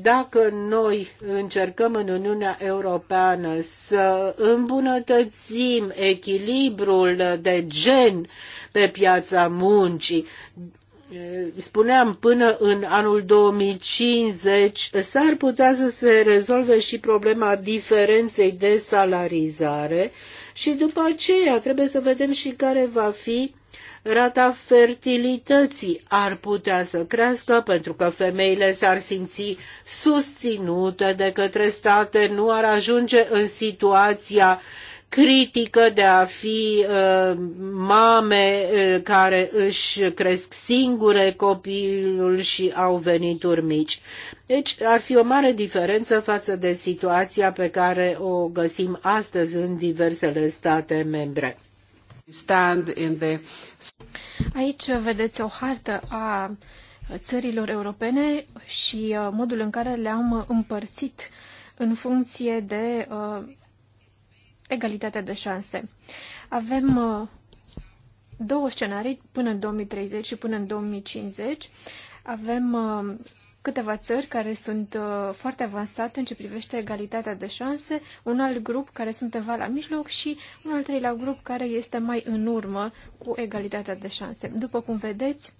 dacă noi încercăm în Uniunea Europeană să îmbunătățim echilibrul de gen pe piața muncii, Eh, spuneam, până în anul 2050 s-ar putea să se rezolve și problema diferenței de salarizare și după aceea trebuie să vedem și care va fi rata fertilității ar putea să crească pentru că femeile s-ar simți susținute de către state, nu ar ajunge în situația critică de a fi uh, mame uh, care își cresc singure copilul și au venituri mici. Deci ar fi o mare diferență față de situația pe care o găsim astăzi în diversele state membre. Aici vedeți o hartă a țărilor europene și uh, modul în care le-am împărțit în funcție de uh, egalitatea de șanse. Avem uh, două scenarii până în 2030 și până în 2050. Avem uh, câteva țări care sunt uh, foarte avansate în ce privește egalitatea de șanse, un alt grup care sunt undeva la mijloc și un al treilea grup care este mai în urmă cu egalitatea de șanse. După cum vedeți,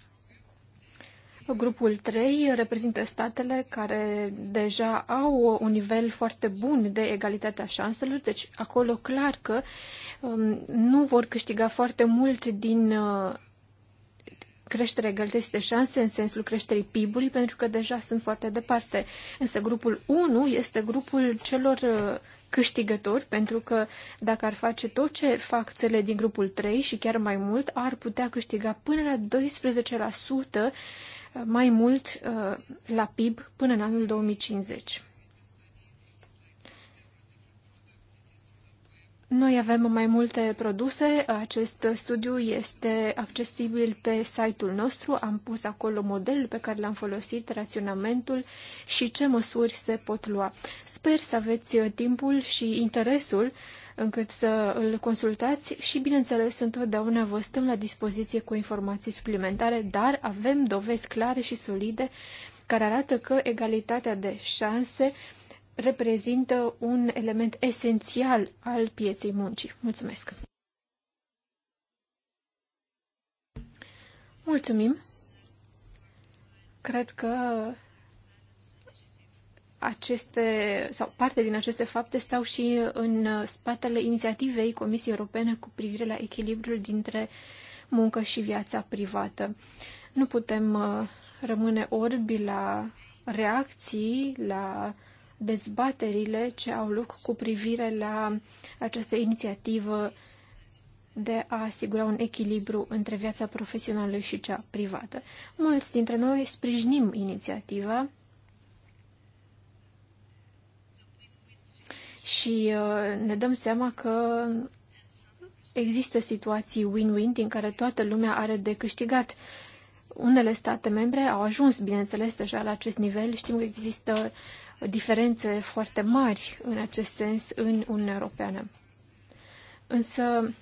Grupul 3 reprezintă statele care deja au un nivel foarte bun de egalitate a șanselor, deci acolo clar că um, nu vor câștiga foarte mult din uh, creșterea egalității de șanse în sensul creșterii PIB-ului, pentru că deja sunt foarte departe. Însă grupul 1 este grupul celor uh, câștigători, pentru că dacă ar face tot ce fac țele din grupul 3 și chiar mai mult, ar putea câștiga până la 12% mai mult uh, la PIB până în anul 2050. Noi avem mai multe produse. Acest studiu este accesibil pe site-ul nostru. Am pus acolo modelul pe care l-am folosit, raționamentul și ce măsuri se pot lua. Sper să aveți timpul și interesul uh, încât să îl consultați și, bineînțeles, întotdeauna vă stăm la dispoziție cu informații suplimentare, dar avem dovezi clare și solide care arată că egalitatea de șanse reprezintă un element esențial al pieței muncii. Mulțumesc! Mulțumim! Cred că aceste, sau parte din aceste fapte stau și în spatele inițiativei Comisiei Europene cu privire la echilibrul dintre muncă și viața privată. Nu putem uh, rămâne orbi la reacții, la dezbaterile ce au loc cu privire la această inițiativă de a asigura un echilibru între viața profesională și cea privată. Mulți dintre noi sprijinim inițiativa, și uh, ne dăm seama că există situații win-win din care toată lumea are de câștigat. Unele state membre au ajuns, bineînțeles, deja la acest nivel. Știm că există diferențe foarte mari în acest sens în Uniunea Europeană. Însă,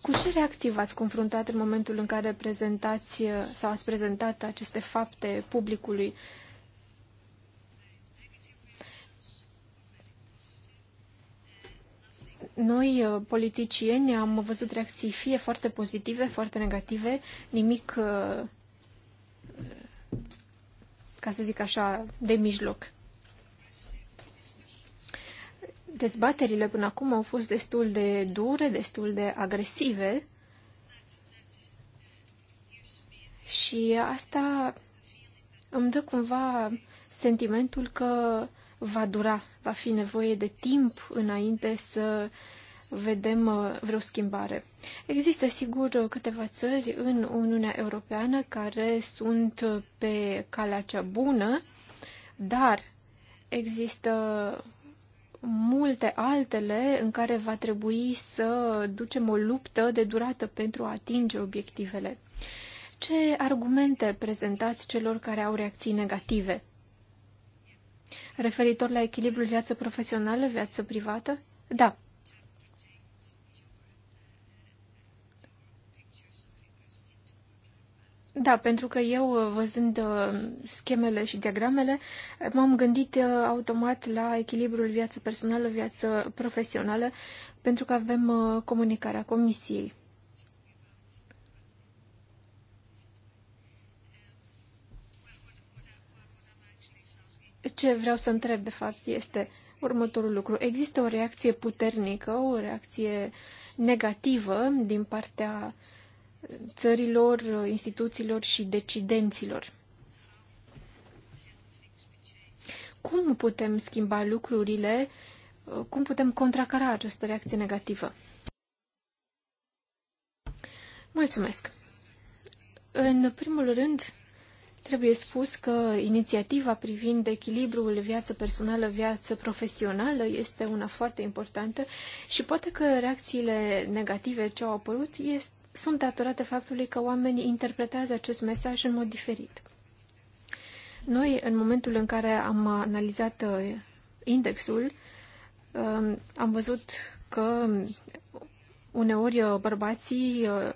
cu ce reacții v-ați confruntat în momentul în care prezentați sau ați prezentat aceste fapte publicului? Uh, Noi, uh, politicieni, am văzut reacții fie foarte pozitive, foarte negative, nimic, uh, ca să zic așa, de mijloc. Dezbaterile până acum au fost destul de dure, destul de agresive și asta îmi dă cumva sentimentul că va dura, va fi nevoie de timp înainte să vedem uh, vreo schimbare. Există sigur câteva țări în Uniunea Europeană care sunt pe calea cea bună, dar există multe altele în care va trebui să ducem o luptă de durată pentru a atinge obiectivele. Ce argumente prezentați celor care au reacții negative? referitor la echilibrul viață profesională, viață privată? Da. Da, pentru că eu, văzând uh, schemele și diagramele, m-am gândit uh, automat la echilibrul viață personală, viață profesională, pentru că avem uh, comunicarea comisiei. Ce vreau să întreb, de fapt, este următorul lucru. Există o reacție puternică, o reacție negativă din partea țărilor, instituțiilor și decidenților. Cum putem schimba lucrurile? Cum putem contracara această reacție negativă? Mulțumesc! În primul rând, Trebuie spus că inițiativa privind echilibrul viață personală-viață profesională este una foarte importantă și poate că reacțiile negative ce au apărut este, sunt datorate faptului că oamenii interpretează acest mesaj în mod diferit. Noi, în momentul în care am analizat uh, indexul, um, am văzut că uneori uh, bărbații uh,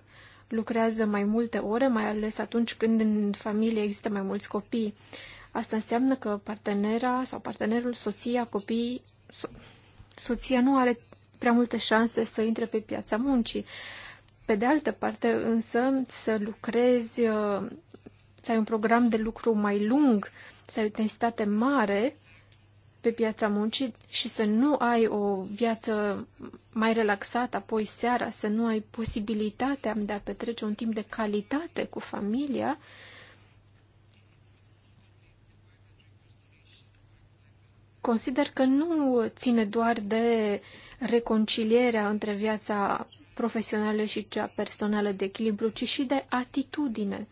lucrează mai multe ore, mai ales atunci când în familie există mai mulți copii. Asta înseamnă că partenera sau partenerul, soția, copiii, so- soția nu are prea multe șanse să intre pe piața muncii. Pe de altă parte, însă, să lucrezi, uh, să ai un program de lucru mai lung, să ai o intensitate mare, pe piața muncii și să nu ai o viață mai relaxată, apoi seara, să nu ai posibilitatea de a petrece un timp de calitate cu familia, consider că nu ține doar de reconcilierea între viața profesională și cea personală de echilibru, ci și de atitudine.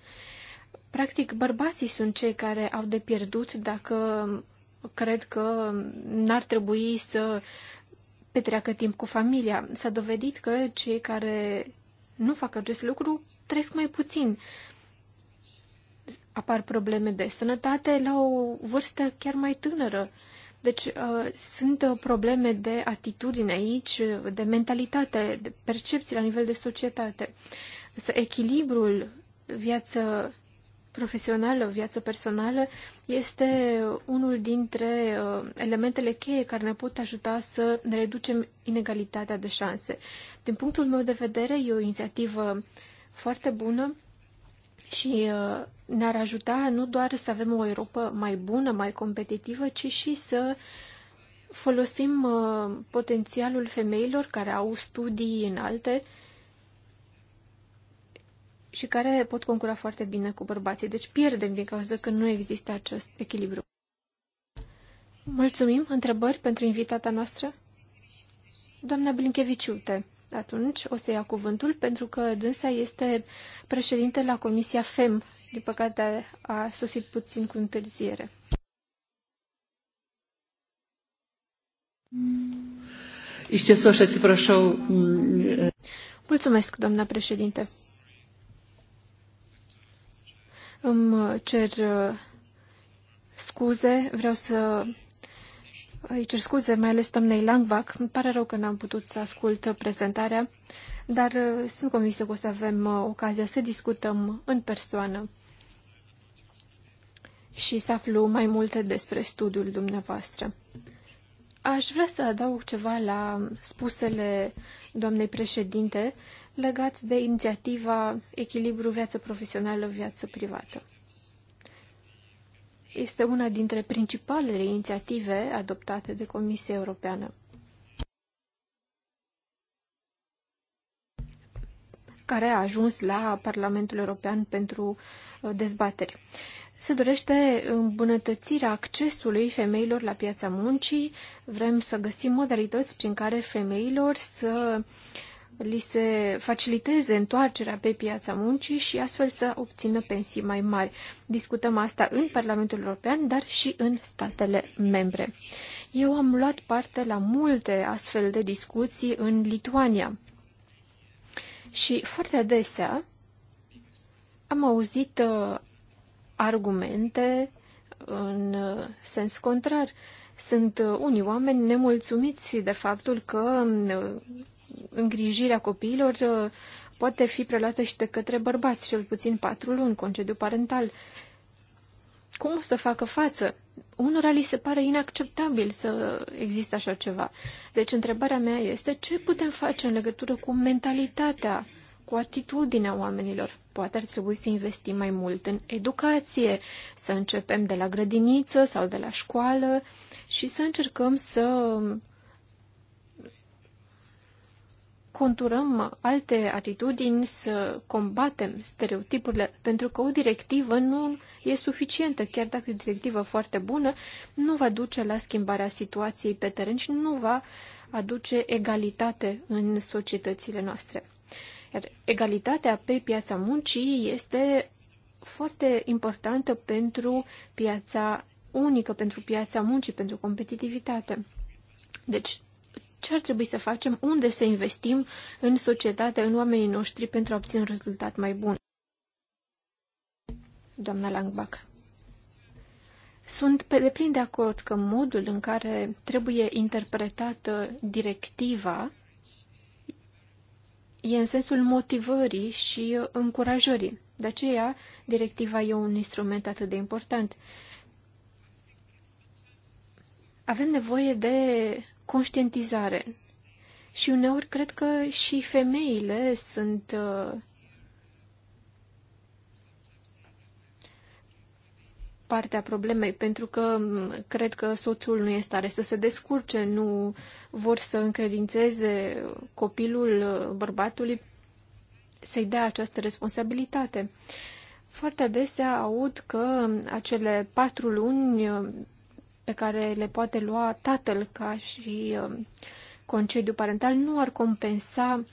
Practic, bărbații sunt cei care au de pierdut dacă cred că n-ar trebui să petreacă timp cu familia. S-a dovedit că cei care nu fac acest lucru trăiesc mai puțin. Apar probleme de sănătate la o vârstă chiar mai tânără. Deci uh, sunt uh, probleme de atitudine aici, de mentalitate, de percepții la nivel de societate. Să echilibrul viață profesională, viață personală, este unul dintre uh, elementele cheie care ne pot ajuta să ne reducem inegalitatea de șanse. Din punctul meu de vedere, e o inițiativă foarte bună și uh, ne-ar ajuta nu doar să avem o Europa mai bună, mai competitivă, ci și să folosim uh, potențialul femeilor care au studii înalte, și care pot concura foarte bine cu bărbații. Deci pierdem din cauza că nu există acest echilibru. Mulțumim. Întrebări pentru invitata noastră? Doamna Blincheviciute, atunci o să ia cuvântul, pentru că dânsa este președinte la Comisia FEM. Din păcate a sosit puțin cu întârziere. Iš tiesų, aš atsiprašau. Mulțumesc, doamna președinte. Îmi cer uh, scuze, vreau să uh, îi cer scuze, mai ales doamnei Langbach. Îmi pare rău că n-am putut să ascult prezentarea, dar uh, sunt convinsă că o să avem ocazia să discutăm în persoană și să aflu mai multe despre studiul dumneavoastră. Aș vrea să adaug ceva la spusele doamnei președinte legat de inițiativa Echilibru viață profesională-viață privată. Este una dintre principalele inițiative adoptate de Comisia Europeană. care a ajuns la Parlamentul European pentru uh, dezbateri. Se dorește îmbunătățirea accesului femeilor la piața muncii. Vrem să găsim modalități prin care femeilor să uh, li se faciliteze întoarcerea pe piața muncii și astfel să obțină pensii mai mari. Discutăm asta în Parlamentul European, dar și în statele membre. Eu am luat parte la multe astfel de discuții în Lituania. Și foarte adesea am auzit uh, argumente în uh, sens contrar. Sunt uh, unii oameni nemulțumiți de faptul că îngrijirea copiilor uh, poate fi preluată și de către bărbați, cel puțin patru luni, concediu parental. Cum să facă față? Unora li se pare inacceptabil să existe așa ceva. Deci întrebarea mea este ce putem face în legătură cu mentalitatea, cu atitudinea oamenilor. Poate ar trebui să investim mai mult în educație, să începem de la grădiniță sau de la școală și să încercăm să conturăm alte atitudini, să combatem stereotipurile, pentru că o directivă nu e suficientă, chiar dacă e o directivă foarte bună, nu va duce la schimbarea situației pe teren și nu va aduce egalitate în societățile noastre. Iar egalitatea pe piața muncii este foarte importantă pentru piața unică, pentru piața muncii, pentru competitivitate. Deci ce ar trebui să facem, unde să investim în societate, în oamenii noștri pentru a obține un rezultat mai bun. Doamna Langbach. Sunt pe deplin de acord că modul în care trebuie interpretată directiva e în sensul motivării și încurajării. De aceea, directiva e un instrument atât de important. Avem nevoie de conștientizare. Și uneori cred că și femeile sunt uh, partea problemei, pentru că cred că soțul nu este tare să se descurce, nu vor să încredințeze copilul uh, bărbatului să-i dea această responsabilitate. Foarte adesea aud că acele patru luni uh, pe care le poate lua tatăl ca și um, concediu parental nu ar compensa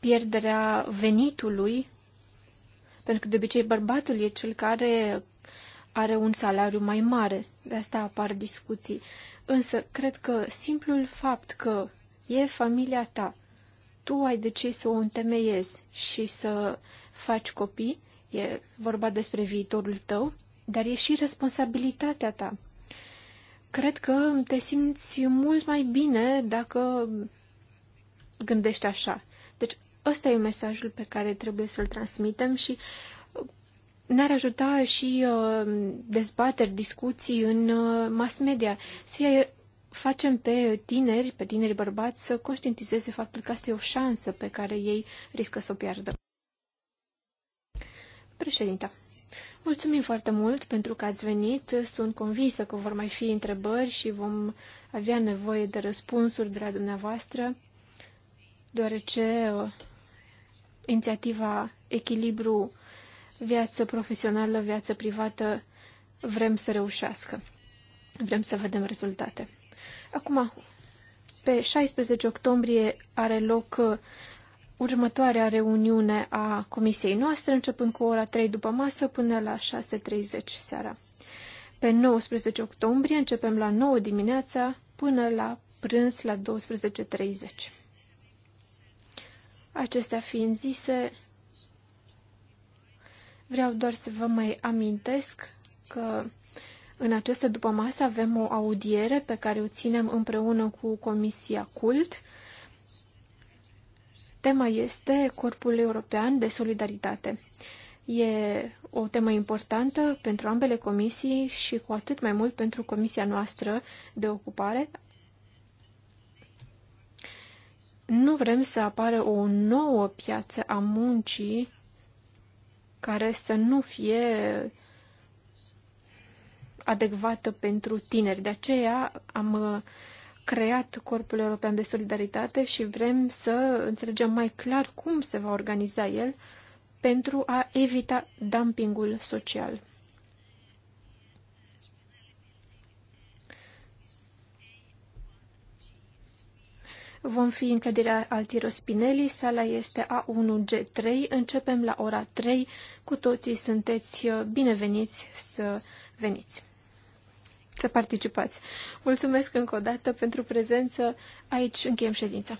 pierderea venitului, pentru că de obicei bărbatul e cel care are un salariu mai mare. De asta apar discuții. Însă, cred că simplul fapt că e familia ta, tu ai decis să o întemeiezi și să faci copii, e vorba despre viitorul tău, dar e și responsabilitatea ta. Cred că te simți mult mai bine dacă gândești așa. Deci ăsta e mesajul pe care trebuie să-l transmitem și uh, ne-ar ajuta și uh, dezbateri, discuții în uh, mass media. Să facem pe tineri, pe tineri bărbați, să conștientizeze faptul că asta e o șansă pe care ei riscă să o piardă. Președinta, Mulțumim foarte mult pentru că ați venit. Sunt convinsă că vor mai fi întrebări și vom avea nevoie de răspunsuri de la dumneavoastră, deoarece uh, inițiativa Echilibru viață profesională, viață privată vrem să reușească. Vrem să vedem rezultate. Acum, pe 16 octombrie are loc uh, următoarea reuniune a comisiei noastre, începând cu ora 3 după masă până la 6.30 seara. Pe 19 octombrie începem la 9 dimineața până la prânz la 12.30. Acestea fiind zise, vreau doar să vă mai amintesc că în această masă avem o audiere pe care o ținem împreună cu Comisia Cult Tema este Corpul European de Solidaritate. E o temă importantă pentru ambele comisii și cu atât mai mult pentru comisia noastră de ocupare. Nu vrem să apară o nouă piață a muncii care să nu fie adecvată pentru tineri. De aceea am creat Corpul European de Solidaritate și vrem să înțelegem mai clar cum se va organiza el pentru a evita dumpingul social. Vom fi în clădirea Altiro Spinelli, sala este A1G3, începem la ora 3, cu toții sunteți uh, bineveniți să veniți să participați. Mulțumesc încă o dată pentru prezență. Aici încheiem ședința.